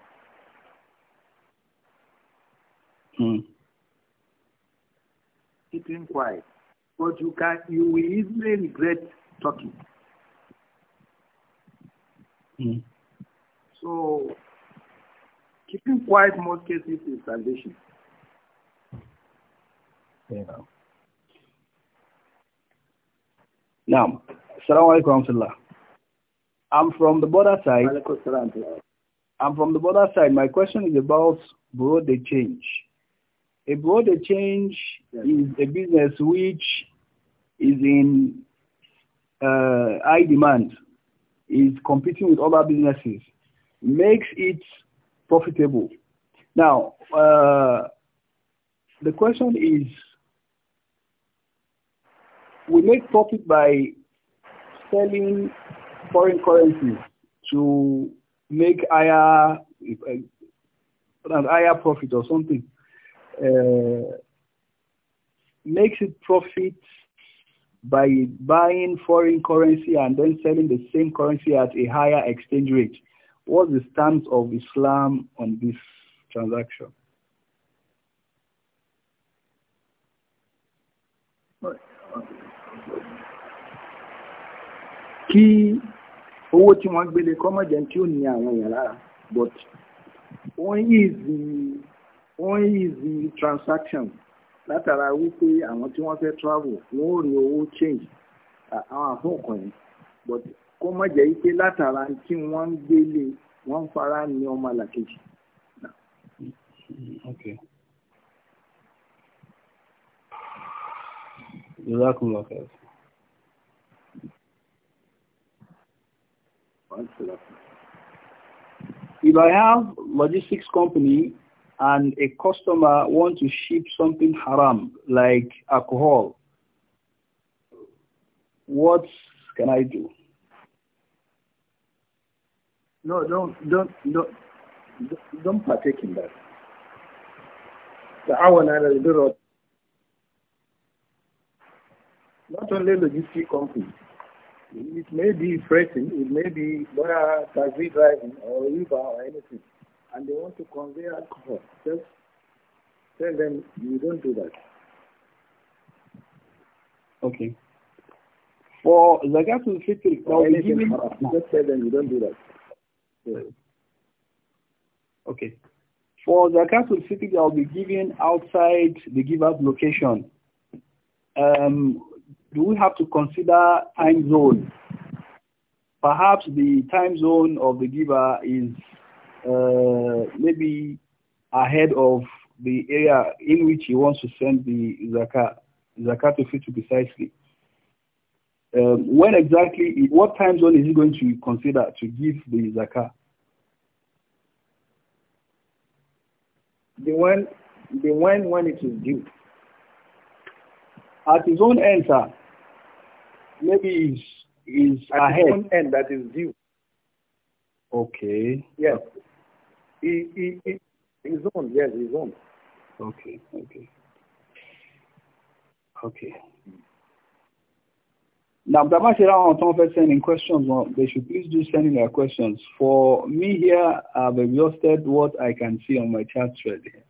Hmm. Keeping quiet. But you can you will easily regret talking. Hmm. So keeping quiet most cases is salvation. Yeah. Now, Assalamu alaikum warahmatullah. I'm from the border side. I'm from the border side. My question is about border change. A border change yes. is a business which is in uh, high demand, is competing with other businesses, makes it profitable. Now, uh, the question is, we make profit by selling foreign currencies to make higher an uh, higher profit or something. Uh, makes it profit by buying foreign currency and then selling the same currency at a higher exchange rate. What's the stance of Islam on this transaction? kí owó tí wọ́n gbélé kọ́mọ̀jẹ̀ tí ó ní àwọn èèyàn lára but wọ́n easy wọ́n easy transaction látara wípé àwọn tí wọ́n fẹ́ travel wọ́n ó rí owó change àwọn àfọ̀kàn yìí but kọ́mọ̀jẹ̀ yìí pé látara tí wọ́n ń gbélé wọ́n ń fara ní ọmọ làkejì. Okay. Jazakumullah khair. If I have logistics company and a customer want to ship something haram like alcohol, what can I do? No, don't, don't, don't, don't partake in that. Not only logistic companies, it may be freighting, it may be whether taxi driving or Uber or anything, and they want to convey alcohol. Just tell them you don't do that. Okay. For Zakatul Fitr, now giving... Just tell them you don't do that. Yeah. Okay. For Zakatul Fitr, I'll be giving outside the giver's location. Um, do we have to consider time zone? Perhaps the time zone of the giver is uh, maybe ahead of the area in which he wants to send the zakat, zakat fit fitr precisely. Um, when exactly, what time zone is he going to consider to give the zakat? The one, the one when it is due at his own end, sir. Maybe he's, he's at ahead. his own end that is due. Okay. Yes. He, he, he, his own, yes, his own. Okay, okay. Okay. Now, Damashira and Tom of sending questions. Well, they should please do send in their questions. For me here, I've exhausted what I can see on my chat thread. Here.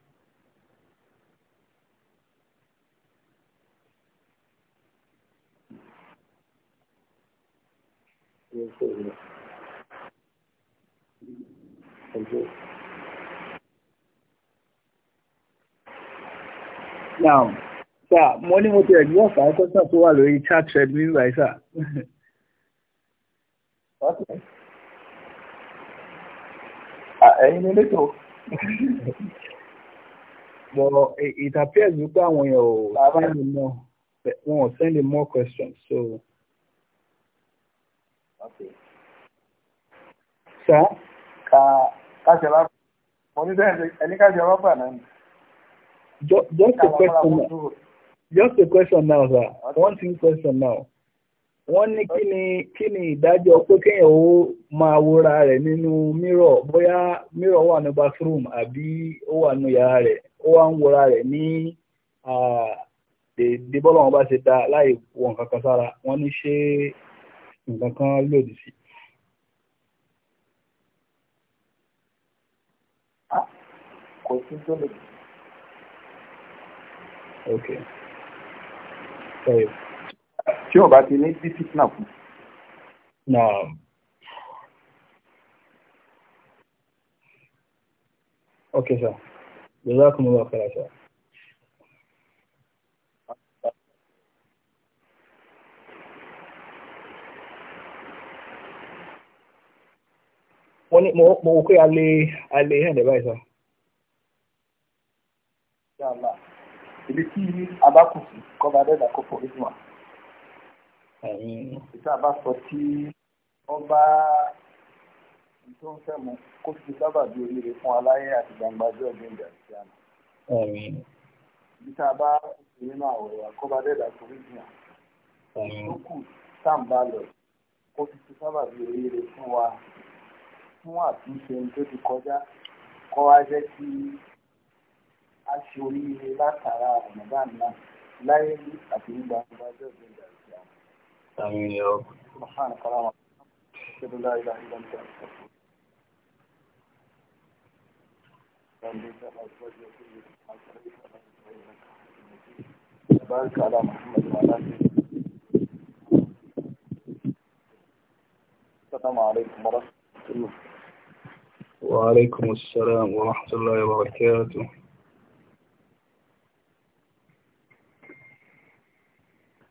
control. Now, sir, mo ní mo ti ẹ̀gbọ́n fàá kọ́sán tó wà lórí chat thread ní ìgbà ìsà. Ẹ̀yin ni létò. Bọ̀ it appears wípé àwọn èèyàn ò sẹ́ni mọ́ wọn ò sẹ́ni more questions so. Okay. Sir? uh káṣẹ bá mo ní sẹ́yìn ẹni káṣẹ bá bà náà ni. just a question just a question now sir one thing question now wọ́n ní kí ni kí ni ìdájọ́ pé kéèyàn ó máa wòra rẹ̀ nínú mírọ̀ bóyá mírọ̀ wà ní bathroom àbí ó wà nínú yàrá rẹ̀ ó wá ń wòra rẹ̀ ní dèdè bọ́lá wọn bá ṣe ta láì wọ nǹkan sára wọ́n ní ṣé nǹkan kan lòdì sí. kò sí tó lè. tí ò bá ti ní bí fitna kù. ok sir jazakumullahu khairan sir. wọ́n ní mo wò pé a lè a lè hẹ̀ndẹ̀ báyìí sir yàrá ibi tí abákùn sí kọba dẹ́gbà kó fọ ìdùnnà ìta bá sọ tí wọ́n bá tó ń fẹ́ mu kó fi sábà bí oríire fún aláyé àti gbangba ọjọ́ ọdún ìgbà tí a nà. ìta bá kùsùn nínú àwọ̀ àkọ́bá dẹ́gbà kó ìdùnnà tó kù sáǹbà lọ kó fi sábà bí oríire fún wa fún àtúnṣe tó ti kọjá kọ́ wá jẹ́ kí. aṣoríire látara ramadan náà láyé ní àti nígbà ọjọ́ ìgbìyànjú àti àwọn. àmì ni ati nigba ojo igbiyanju ati awon ami ni لا إله إلا أنت بارك على محمد وعلى السلام عليكم ورحمة الله وعليكم السلام ورحمة الله وبركاته